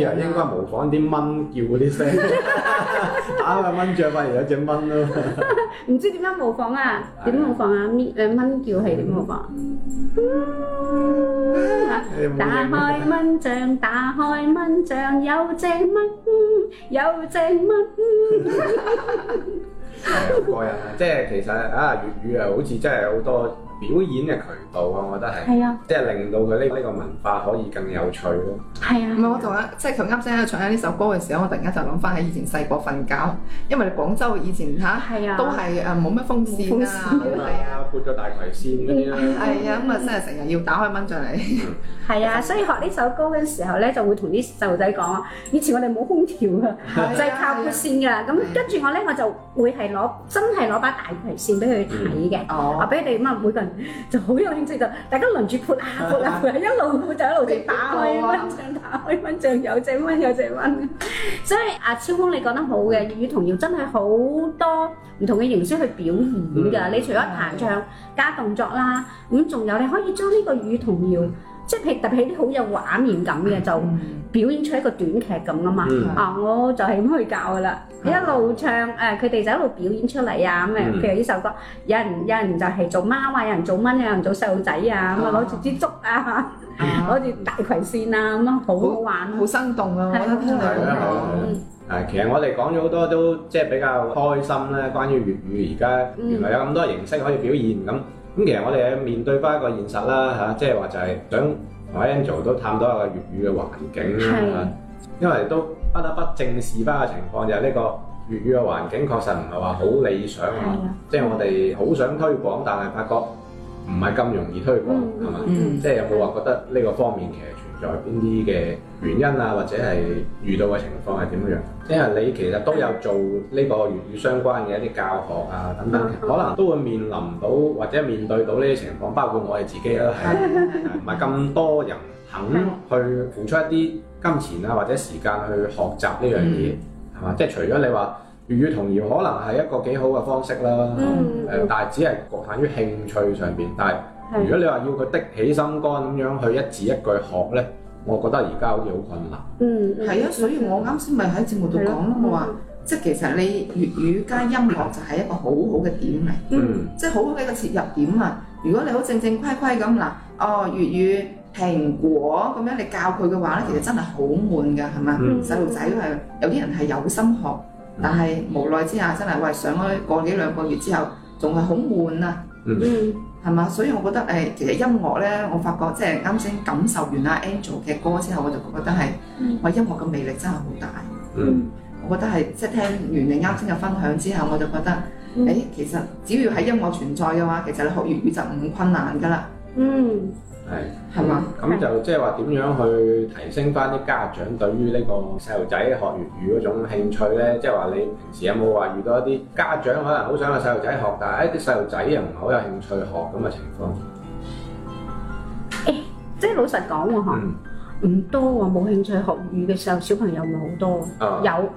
應該模仿啲蚊叫嗰啲聲，打開 蚊帳反而有隻蚊咯。唔 知點樣模仿啊？點 模仿啊？搣兩蚊叫係點模仿、啊 打？打開蚊帳，打開蚊帳，有隻蚊，有隻蚊。蚊 欸、過癮啊！即係其實啊，粵語啊，好似真係好多。表演嘅渠道啊，我覺得係，即係令到佢呢呢個文化可以更有趣咯。係啊，唔係我同阿，即係佢啱先喺度唱緊呢首歌嘅時候，我突然間就諗翻起以前細個瞓覺，因為廣州以前吓，係啊，都係誒冇乜風扇啊，係啊，撥咗大葵扇嗰啲啦，係啊，咁啊真係成日要打開蚊帳嚟。係啊，所以學呢首歌嘅時候咧，就會同啲細路仔講啊，以前我哋冇空調啊，就係靠撥扇㗎啦。咁跟住我咧，我就會係攞真係攞把大葵扇俾佢睇嘅，哦，俾佢哋咁啊每個。就好有興趣，就大家輪住潑啊潑啊，一路就一路地打開蚊帳，打開，打開蚊帳，有隻蚊有隻蚊。 所以阿超鋒你講得好嘅，粵語童謠真係好多唔同嘅形式去表演㗎。嗯，你除咗彈唱加動作啦，咁仲有你可以將呢個粵語童謠。即係譬特別啲好有畫面感嘅，就表演出一個短劇咁啊嘛。啊，我就係咁去教噶啦，一路唱誒，佢哋就一路表演出嚟啊咁啊。譬如呢首歌，有人有人就係做貓啊，有人做蚊，有人做細路仔啊，咁啊攞住支竹啊，攞住大葵扇啊咁啊，好好玩，好生動啊。係啦係啦，其實我哋講咗好多都即係比較開心啦。關於粵語而家原來有咁多形式可以表現咁。咁其實我哋係面對翻一個現實啦，吓，即係話就係、是、想同 Angel 都探討一個粵語嘅環境啦，的因為都不得不正視翻、就是、個情況就係呢個粵語嘅環境確實唔係話好理想啊，即係的我哋好想推廣，但係發覺唔係咁容易推廣，係嘛？即係有冇話覺得呢個方面其實。在邊啲嘅原因啊，或者係遇到嘅情況係點樣？因為你其實都有做呢個粵語相關嘅一啲教學啊等等，可能都會面臨到或者面對到呢啲情況，包括我哋自己啦，係唔係咁多人肯去付出一啲金錢啊或者時間去學習呢樣嘢係嘛？即係除咗你話粵語童謠可能係一個幾好嘅方式啦，誒，但係只係局限於興趣上邊，但係。如果你話要佢的起心肝咁樣去一字一句學呢，我覺得而家好似好困難。嗯，係、嗯、啊，所以我啱先咪喺節目度講咯，我話即係其實你粵語加音樂就係一個好好嘅點嚟，嗯，即係好好嘅一個切入點啊。如果你好正正規規咁嗱，哦粵語蘋果咁樣你教佢嘅話呢，其實真係好悶噶，係嘛？細路仔都係有啲人係有心學，但係無奈之下真係喂上咗過幾兩個月之後，仲係好悶啊。嗯。嗯。係嘛？所以我覺得誒、呃，其實音樂咧，我發覺即係啱先感受完阿、啊、Angel 嘅歌之後，我就覺得係，嗯、我音樂嘅魅力真係好大。嗯，我覺得係即係聽完你啱先嘅分享之後，我就覺得，誒、嗯，其實只要喺音樂存在嘅話，其實你學粵語就唔困難㗎啦。嗯。係，係嘛？咁、嗯、就即係話點樣去提升翻啲家長對於呢個細路仔學粵語嗰種興趣咧？即係話你平時有冇話遇到一啲家長可能好想個細路仔學，但係一啲細路仔又唔係好有興趣學咁嘅情況？誒、欸，即係老實講喎，吓、嗯，唔多喎，冇興趣學粵語嘅時候，小朋友咪好多，啊、有。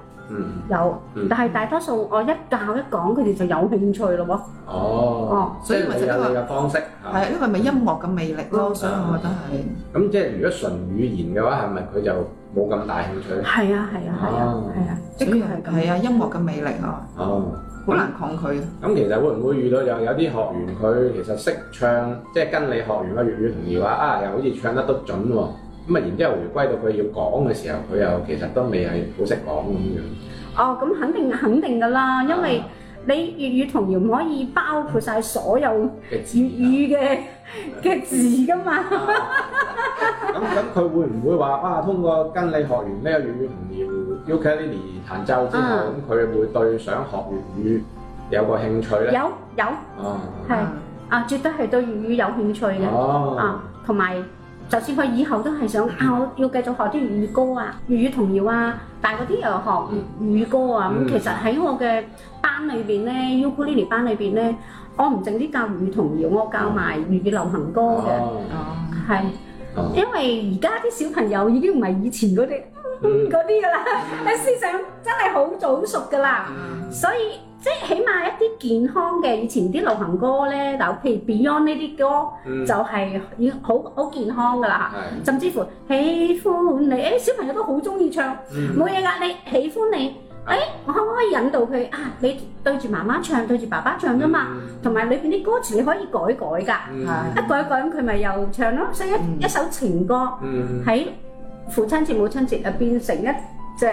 有，但係大多數我一教一講，佢哋就有興趣咯喎。哦，哦，所以因為有個方式，係因為咪音樂嘅魅力咯，所以我覺得係。咁即係如果純語言嘅話，係咪佢就冇咁大興趣？係啊係啊係啊係啊，所以係係啊音樂嘅魅力咯。哦，好難抗拒。咁其實會唔會遇到有有啲學員佢其實識唱，即係跟你學完個粵語童謠啊，啊又好似唱得都準喎？咁啊，然之後回歸到佢要講嘅時候，佢又其實都未係好識講咁樣。哦，咁肯定肯定噶啦，因為、啊、你粵語童謠可以包括晒所有嘅粵、啊啊、語嘅嘅字噶嘛。咁咁佢會唔會話啊？通過跟你學完呢個粵語童謠、Ukulele 彈奏之後，咁佢、啊嗯、會對想學粵語有個興趣咧？有有，係啊，啊，絕對係對粵語有興趣嘅啊，同埋、啊。啊啊啊啊就算佢以後都係想、嗯、啊，我要繼續學啲粵語歌啊、粵語童謠啊，但嗰啲又學粵語歌啊，咁、嗯、其實喺我嘅班裏邊咧，Ukulele 班裏邊咧，我唔淨止教粵語童謠，我教埋粵語流行歌嘅、哦，哦，係是，哦、因為而家啲小朋友已經唔係以前嗰啲嗰啲噶啦，喺思想真係好早熟噶啦，嗯、所以。即係起碼一啲健康嘅以前啲流行歌咧，嗱，譬如 Beyond 呢啲歌就係好好健康噶啦嚇，甚至乎喜歡你誒，小朋友都好中意唱，冇嘢噶，你喜歡你誒，我可唔可以引導佢啊？你對住媽媽唱，對住爸爸唱啫嘛，同埋裏邊啲歌詞你可以改改噶，一改改咁佢咪又唱咯，所以一一首情歌喺父親節、母親節誒變成一隻。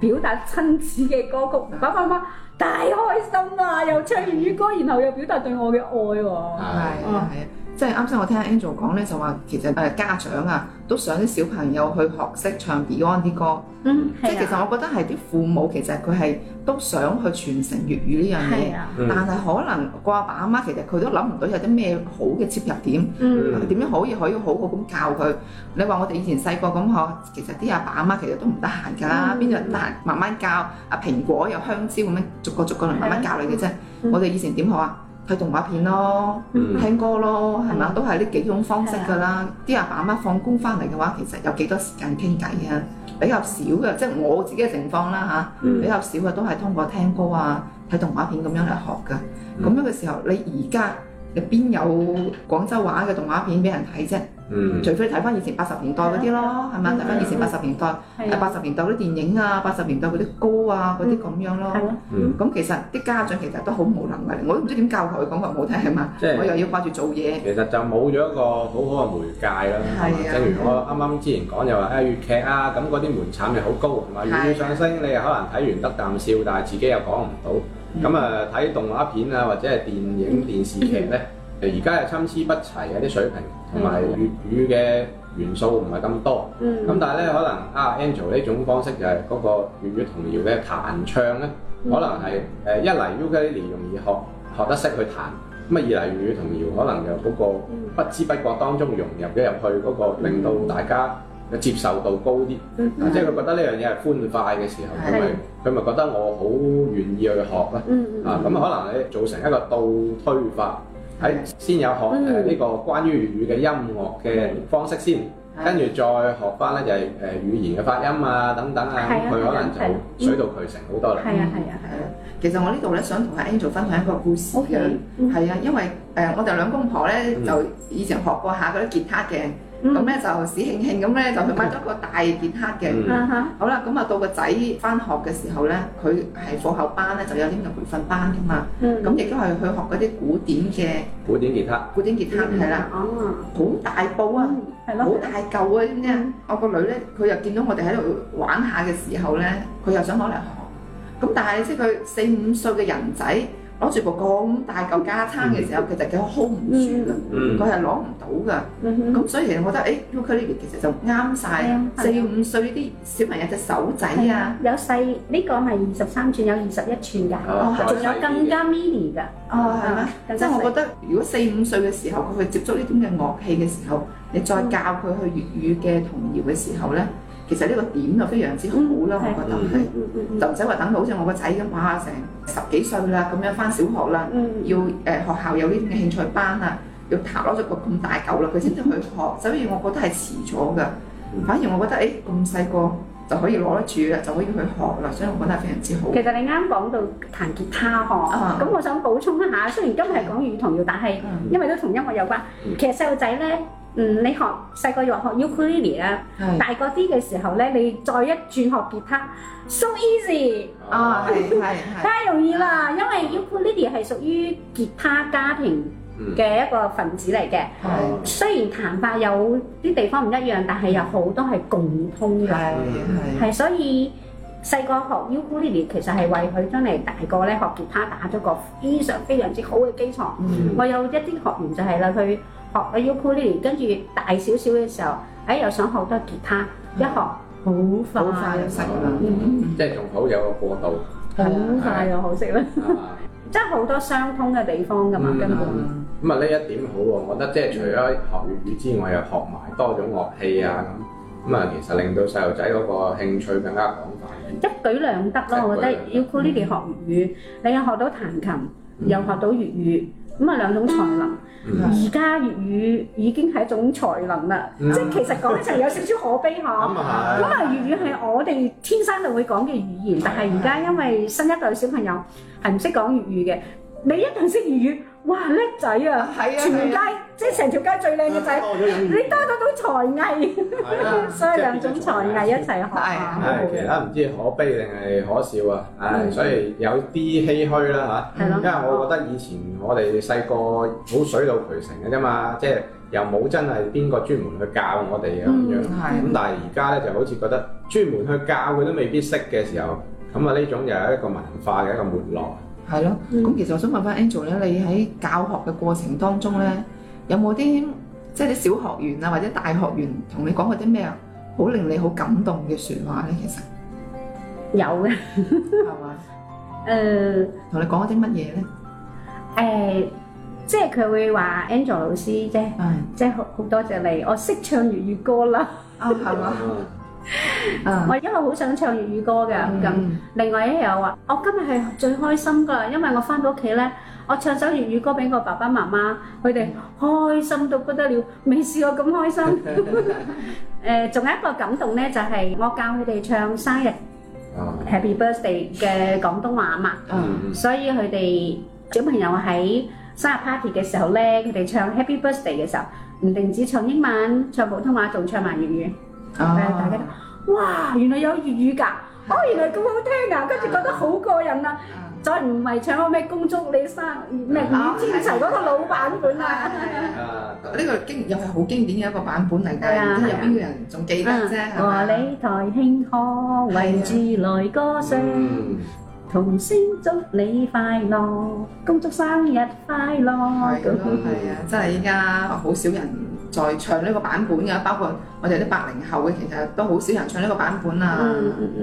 表達親子嘅歌曲，爸爸媽媽大開心啊！又唱粵語歌，然後又表達對我嘅愛喎。係，係啊。即係啱先，我聽 Angel 講咧，就話其實誒家長啊，都想啲小朋友去學識唱 Beyond 啲歌。嗯，即係其實我覺得係啲父母其實佢係都想去傳承粵語呢樣嘢，但係可能個阿爸阿媽其實佢都諗唔到有啲咩好嘅切入點，點樣可以可以好好咁教佢。你話我哋以前細個咁學，其實啲阿爸阿媽其實都唔得閒㗎啦，邊度得閒慢慢教？阿蘋果有香蕉咁樣，逐個逐個嚟慢慢教你嘅啫。我哋以前點學啊？睇動畫片咯，聽歌咯，係咪？mm hmm.？都係呢幾種方式噶啦。啲阿爸阿媽放工翻嚟嘅話，其實有幾多時間傾偈啊？比較少嘅，即係我自己嘅情況啦嚇，比較少嘅都係通過聽歌啊、睇動畫片咁樣嚟學噶。咁樣嘅時候，你而家你邊有廣州話嘅動畫片俾人睇啫？除非睇翻以前八十年代嗰啲咯，係咪？睇翻以前八十年代、八十年代嗰啲電影啊，八十年代嗰啲歌啊，嗰啲咁樣咯。咁其實啲家長其實都好無能嘅，我都唔知點教佢，講句唔好聽係嘛。即我又要掛住做嘢。其實就冇咗一個好好嘅媒介啦。正如我啱啱之前講又話啊粵劇啊，咁嗰啲門檻又好高，同埋粵語上升，你又可能睇完得啖笑，但係自己又講唔到。咁啊睇動畫片啊，或者係電影電視劇咧？而家係參差不齊嘅啲水平，同埋粵語嘅元素唔係咁多。咁但係咧，可能啊 Angel 呢種方式就係嗰個粵語童謠嘅彈唱咧，可能係誒一嚟 ukulele 容易學，學得識去彈，咁啊二嚟粵語童謠可能又嗰個不知不覺當中融入咗入去嗰個，令到大家嘅接受度高啲。即係佢覺得呢樣嘢係歡快嘅時候，咁咪佢咪覺得我好願意去學啦。啊，咁可能你造成一個倒推法。係先有學誒呢，嗯呃，這個關於粵語嘅音樂嘅方式先，的跟住再學翻咧，就係、是、誒語言嘅發音啊等等啊，咁佢的可能就水到渠成好多啦。係啊係啊係啊。嗯、其實我呢度咧想同阿 Angel 分享一個故事嘅。O K。係啊，因為誒、呃、我哋兩公婆咧就以前學過下嗰啲吉他嘅。咁咧、mm hmm. 就史慶慶咁咧就去買咗個大吉他嘅，mm hmm. 好啦，咁啊到個仔翻學嘅時候咧，佢係課後班咧就有啲咁嘅培訓班噶嘛，咁亦、mm hmm. 都係去學嗰啲古典嘅古典吉他，古典吉他係啦，好大部啊，好、mm hmm. 大嚿啊啲咩？Mm hmm. 我個女咧佢又見到我哋喺度玩下嘅時候咧，佢又想攞嚟學，咁但係即係佢四五歲嘅人仔。攞住部咁大嚿架撐嘅時候，佢就佢 hold 唔住㗎，佢係攞唔到㗎。咁所以其實我覺得誒，Ukulele 其實就啱晒四五歲啲小朋友隻手仔啊。有細呢個係二十三寸，有二十一寸㗎，仲有更加 mini 㗎。哦，係咩？即係我覺得，如果四五歲嘅時候佢去接觸呢啲嘅樂器嘅時候，你再教佢去粵語嘅童謠嘅時候咧。其實呢個點就非常之好啦，我覺得係，就唔使話等到好似我個仔咁，哇成十幾歲啦，咁樣返小學啦，要誒學校有呢啲興趣班啊，要撻落咗個咁大嚿啦，佢先至去學，所以我覺得係遲咗噶。反而我覺得誒咁細個就可以攞得住啦，就可以去學啦，所以我覺得係非常之好。其實你啱講到彈吉他呵，咁我想補充一下，雖然今日係講粵語童謠但係，因為都同音樂有關。其實細路仔咧。嗯，你學細個又學 Ukulele 啦是，大個啲嘅時候咧，你再一轉學吉他，so easy 啊、哦，係係 太容易啦，因為 Ukulele 係屬於吉他家庭嘅一個分子嚟嘅。嗯、雖然彈法有啲地方唔一樣，但係有好多係共通嘅。係、嗯、所以細個學 Ukulele 其實係為佢將嚟大個咧學吉他打咗個非常非常之好嘅基礎。嗯、我有一啲學員就係啦，佢，學啊 Ukulele，跟住大少少嘅時候，哎又想學多吉他，一學好快，好快就識，即係從口有個過渡，好快又好識啦，即係好多相通嘅地方噶嘛，根本，咁啊呢一點好喎，我覺得即係除咗學粵語之外，又學埋多種樂器啊咁，咁啊其實令到細路仔嗰個興趣更加廣泛，一舉兩得咯，我覺得 Ukulele 學粵語，你又學到彈琴，又學到粵語，咁啊兩種才能。而家、mm hmm. 粵語已經係一種才能啦，即係、mm hmm. 其實講起上嚟有少少可悲嚇。咁啊係，咁啊粵語係我哋天生就會講嘅語言， 但係而家因為新一代小朋友係唔識講粵語嘅，你一定識粵語。哇！叻仔啊，係啊，全街即係成條街最靚嘅仔，你多咗種才藝，所以兩種才藝一齊學。係，其他唔知可悲定係可笑啊！唉，所以有啲唏噓啦嚇。因為我覺得以前我哋細個好水到渠成嘅啫嘛，即係又冇真係邊個專門去教我哋啊。咁樣。咁但係而家咧就好似覺得專門去教佢都未必識嘅時候，咁啊呢種又係一個文化嘅一個沒落。係咯，咁其實我想問翻 Angel 咧，你喺教學嘅過程當中咧，有冇啲即係啲小學員啊或者大學員同你講嗰啲咩啊，好令你好感動嘅説話咧？其實有嘅，係嘛？誒，同你講嗰啲乜嘢咧？誒，即係佢會話 Angel 老師，即係即係好好多謝你，我識唱粵語歌啦，係嘛？Uh, 我因為好想唱粵語歌嘅咁，uh, 另外一有話，我今日係最開心噶，因為我翻到屋企咧，我唱首粵語歌俾我爸爸媽媽，佢哋開心到不得了，未試過咁開心。誒、 呃，仲有一個感動咧，就係、是、我教佢哋唱生日、uh,，Happy Birthday 嘅廣東話嘛，uh, uh, 所以佢哋小朋友喺生日 party 嘅時候咧，佢哋唱 Happy Birthday 嘅時候，唔停止唱英文，唱普通話仲唱埋粵語。大家，都，哇！原來有粵語㗎，哦，原來咁好聽啊，跟住覺得好過癮啊，再唔係唱開咩《恭祝你生》，咩《五千年》嗰個老版本啦。啊，呢個經又係好經典嘅一個版本嚟㗎，有邊個人仲記得啫？和你台慶賀，圍住來歌聲，同聲祝你快樂，恭祝生日快樂。係咯，係啊，真係依家好少人。再唱呢個版本嘅，包括我哋啲八零後嘅，其實都好少人唱呢個版本啊。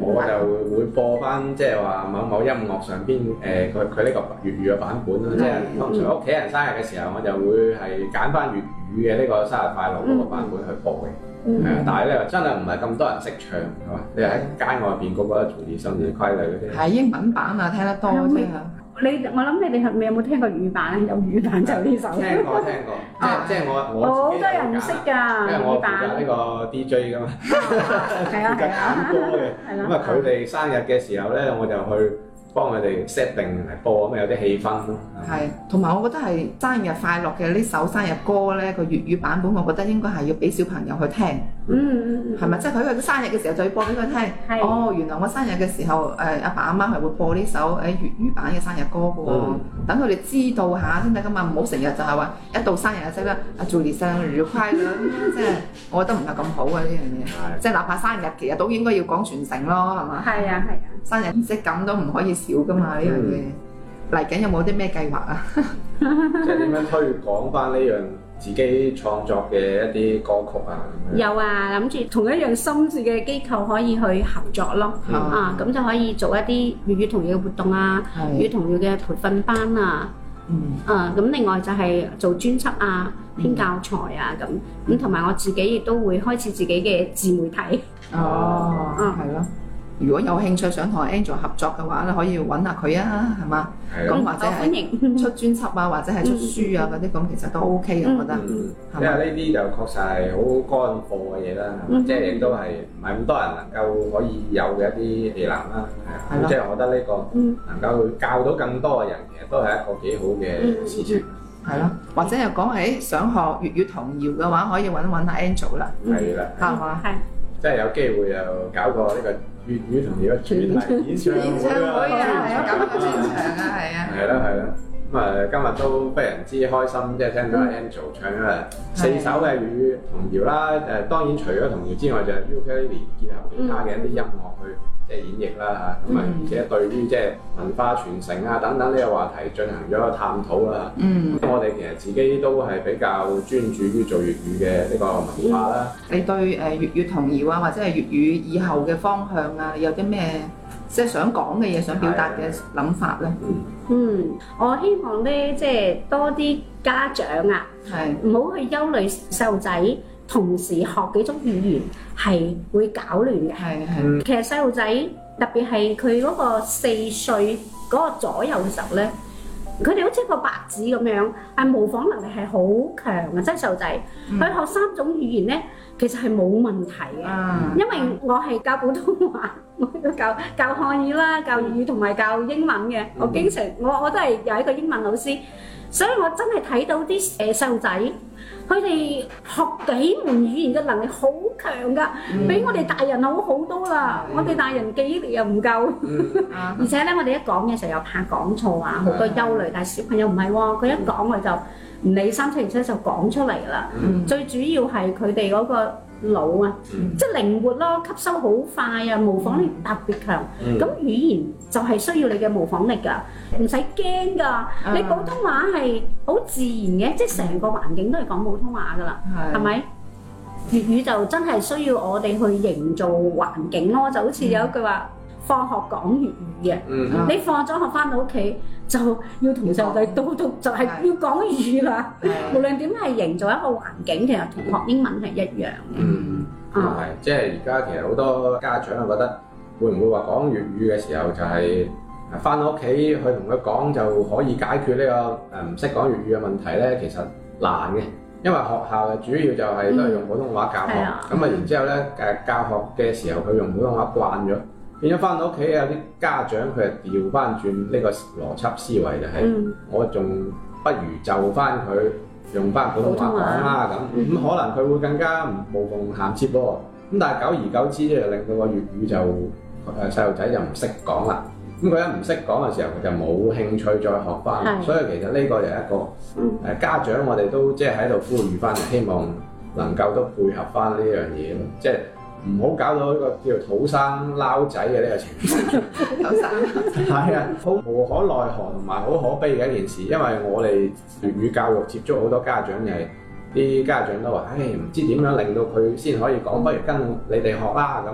我就會播翻，即係話某某音樂上邊，誒佢佢呢個粵語嘅版本咯。即係當除屋企人生日嘅時候，我就會係揀翻粵語嘅呢個生日快樂嗰個版本去播嘅。係啊，但係咧真係唔係咁多人識唱，係嘛、嗯？你喺街外邊個個都做啲新嘢規律嗰啲。係英文版啊，聽得多啲啊。嗯嗯你我諗你哋係咪有冇聽過粵語版啊？有粵語版就呢首聽，啊。聽過聽過，啊、即係即係我我。好多，啊哦、人唔識㗎。因為我負責呢個 DJ 㗎嘛，係版 啊，係啦。咁啊，佢哋生日嘅時候咧，我就去幫佢哋 set 定嚟播，咁啊有啲氣氛。係，同埋我覺得係生日快樂嘅呢首生日歌咧，個粵語版本，我覺得應該係要俾小朋友去聽。嗯嗯，係咪即係佢佢生日嘅時候就要播俾佢聽？的哦，原來我生日嘅時候，誒阿爸阿媽係會播呢首誒粵語版嘅生日歌噶喎。嗯、等佢哋知道下先得噶嘛，唔好成日就係話一到生日，嗯、 就即刻啊做啲新嘅快律，即係我覺得唔係咁好啊呢樣嘢。 即係哪怕生日其實都應該要講傳承咯，係嘛？係啊係啊，啊生日儀式感都唔可以少噶嘛呢樣嘢。嗯嚟緊有冇啲咩計劃啊？即係點樣推廣翻呢樣自己創作嘅一啲歌曲啊？有啊，諗住同一樣心智嘅機構可以去合作咯。啊，咁、嗯嗯嗯、就可以做一啲粵語童謠嘅活動啊，粵語童謠嘅培訓班啊。嗯。啊、嗯，咁另外就係做專輯啊，編教材啊咁。咁同埋我自己亦都會開始自己嘅自媒體。哦、啊。嗯、啊，係咯、啊。如果有興趣想同 Angel 合作嘅話咧，可以揾下佢啊，係嘛？咁或者歡迎出專輯啊，或者係出書啊嗰啲，咁其實都 OK 嘅，我覺得。因為呢啲就確實係好乾貨嘅嘢啦，即係亦都係唔係咁多人能夠可以有嘅一啲技能啦，係即係我覺得呢個能夠教到更多嘅人，其實都係一個幾好嘅事情，係咯，或者又講誒，想學粵語童謠嘅話，可以揾揾下 Angel 啦。係啦，係嘛？係。即係有機會又搞個呢個。粵語童謠嘅主題，演唱會啊，係啊好，咁嘅專場啊，係啊，係啦， 係啦，咁啊，今日都非常之知開心，即係聽咗 Angel 唱咗四首嘅粵語童謠啦。誒，當然除咗童謠之外，就係 Ukulele 結合其他嘅一啲音樂去。 樂嗯即係演繹啦嚇，咁啊，而且對於即係文化傳承啊等等呢個話題進行咗一個探討啦嗯。咁我哋其實自己都係比較專注於做粵語嘅呢個文化啦。嗯。你對誒粵語童謠啊，或者係粵語以後嘅方向啊，有啲咩即係想講嘅嘢，想表達嘅諗法咧？嗯。嗯，我希望咧，即係多啲家長啊，係唔好去憂慮細路仔，同時學幾種語言係、嗯、會搞亂嘅。係係。其實細路仔特別係佢嗰個四歲嗰個左右嘅時候咧，佢哋好似一個白紙咁樣，係模仿能力係好強嘅，即係細路仔。佢、嗯、學三種語言咧，其實係冇問題嘅。啊，因為我係教普通話，我教教漢語啦，教粵語同埋教英文嘅。嗯、我經常我我都係有一個英文老師，所以我真係睇到啲誒細路仔。佢哋學幾門語言嘅能力好強噶，嗯、比我哋大人好好多啦。嗯、我哋大人記憶力又唔夠，嗯、 而且咧我哋一講嘅時候又怕講錯啊，好、嗯、多憂慮。的但係小朋友唔係喎，佢、嗯、一講我就唔、嗯、理三七二十一就講出嚟啦。嗯嗯、最主要係佢哋嗰個腦啊，嗯、即係靈活咯、啊，吸收好快啊，模仿力特別強。咁、嗯、語言就係需要你嘅模仿力噶，唔使驚噶。你普通話係好自然嘅，嗯、即係成個環境都係講普通話噶啦，係咪是？粵語就真係需要我哋去營造環境咯，就好似有一句話。嗯嗯學嗯啊、放學講粵語嘅，你放咗學翻到屋企就要同細路仔到到就係要講粵語啦。嗯、 無論點係營造一個環境，其實同學英文係一樣嘅。係、嗯，嗯嗯、即係而家其實好多家長啊覺得，會唔會話講粵語嘅時候就係翻到屋企去同佢講就可以解決呢個誒唔識講粵語嘅問題咧？其實難嘅，因為學校嘅主要就係都係用普通話教學，咁、嗯、啊然之後咧誒教學嘅時候佢用普通話慣咗。變咗翻到屋企有啲家長佢係調翻轉呢個邏輯思維、就是，就係、嗯、我仲不如就翻佢用翻普通話講啦咁。咁、嗯嗯、可能佢會更加無縫銜接喎。咁但係久而久之咧，令到個粵語就誒細路仔就唔識講啦。咁佢一唔識講嘅時候，佢就冇興趣再學翻。的所以其實呢個就係一個誒、嗯呃、家長，我哋都即係喺度呼籲翻，希望能夠都配合翻呢樣嘢咯，即、就、係、是。就是唔好搞到呢個叫土生撈仔嘅呢個情況。 土生係啊，好無可奈何同埋好可悲嘅一件事，因為我哋粵語教育接觸好多家長，又係啲家長都話：唉，唔知點樣令到佢先可以講，不如跟你哋學啦咁。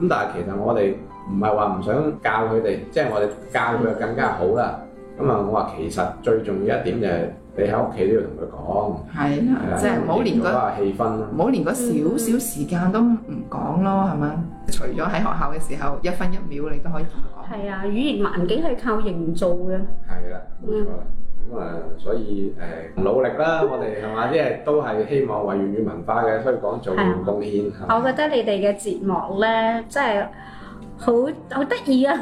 咁但係其實我哋唔係話唔想教佢哋，即係我哋教佢更加好啦。咁啊，我話其實最重要一點就係。你喺屋企都要同佢講，係、啊嗯、即係唔好連個氣氛，唔好連個少少時間都唔講咯，係咪、嗯？除咗喺學校嘅時候一分一秒你都可以同佢講。係啊，語言環境係靠營造嘅。係啦、啊，冇錯、啊。咁啊、嗯嗯，所以誒、呃，努力啦， 我哋係嘛，即係都係希望為粵語文化嘅推廣做貢獻。啊、吧我覺得你哋嘅節目咧，即係。好好得意啊！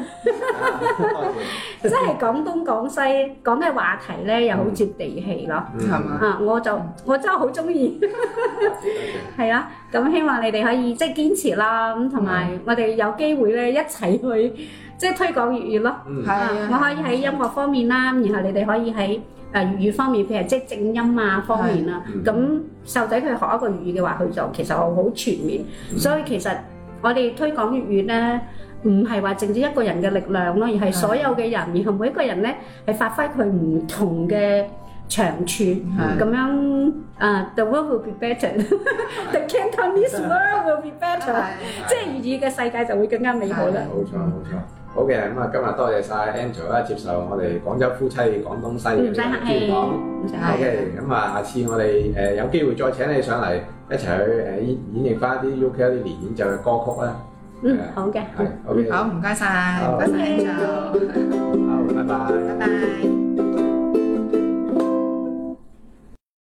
即係講東講西，講嘅話題咧，又好接地氣咯。係嘛啊，我就我真係好中意。係啊，咁希望你哋可以即係堅持啦，咁同埋我哋有機會咧一齊去即係推廣粵語咯。嗯，係啊，我可以喺音樂方面啦，然後你哋可以喺誒粵語方面，譬如即係正音啊方面啦。咁細仔佢學一個粵語嘅話，佢就其實好全面。所以其實我哋推廣粵語咧。唔係話淨止一個人嘅力量咯，而係所有嘅人，然後的每一個人咧係發揮佢唔同嘅長處，咁的樣啊、uh,，the world will be better，the 的 Cantonese world will be better，的即係粵語嘅世界就會更加美好啦。冇錯冇錯，好嘅咁啊！今日多謝晒 Angel 啊，接受我哋廣州夫妻廣東西嘅專訪。唔使客氣，唔使客，OK 咁啊！的下次我哋誒、呃、有機會再請你上嚟一齊去誒演演繹翻啲 UK 啲年演奏嘅歌曲啦。嗯，好嘅，係，好唔該晒，拜拜，好，拜拜，拜拜。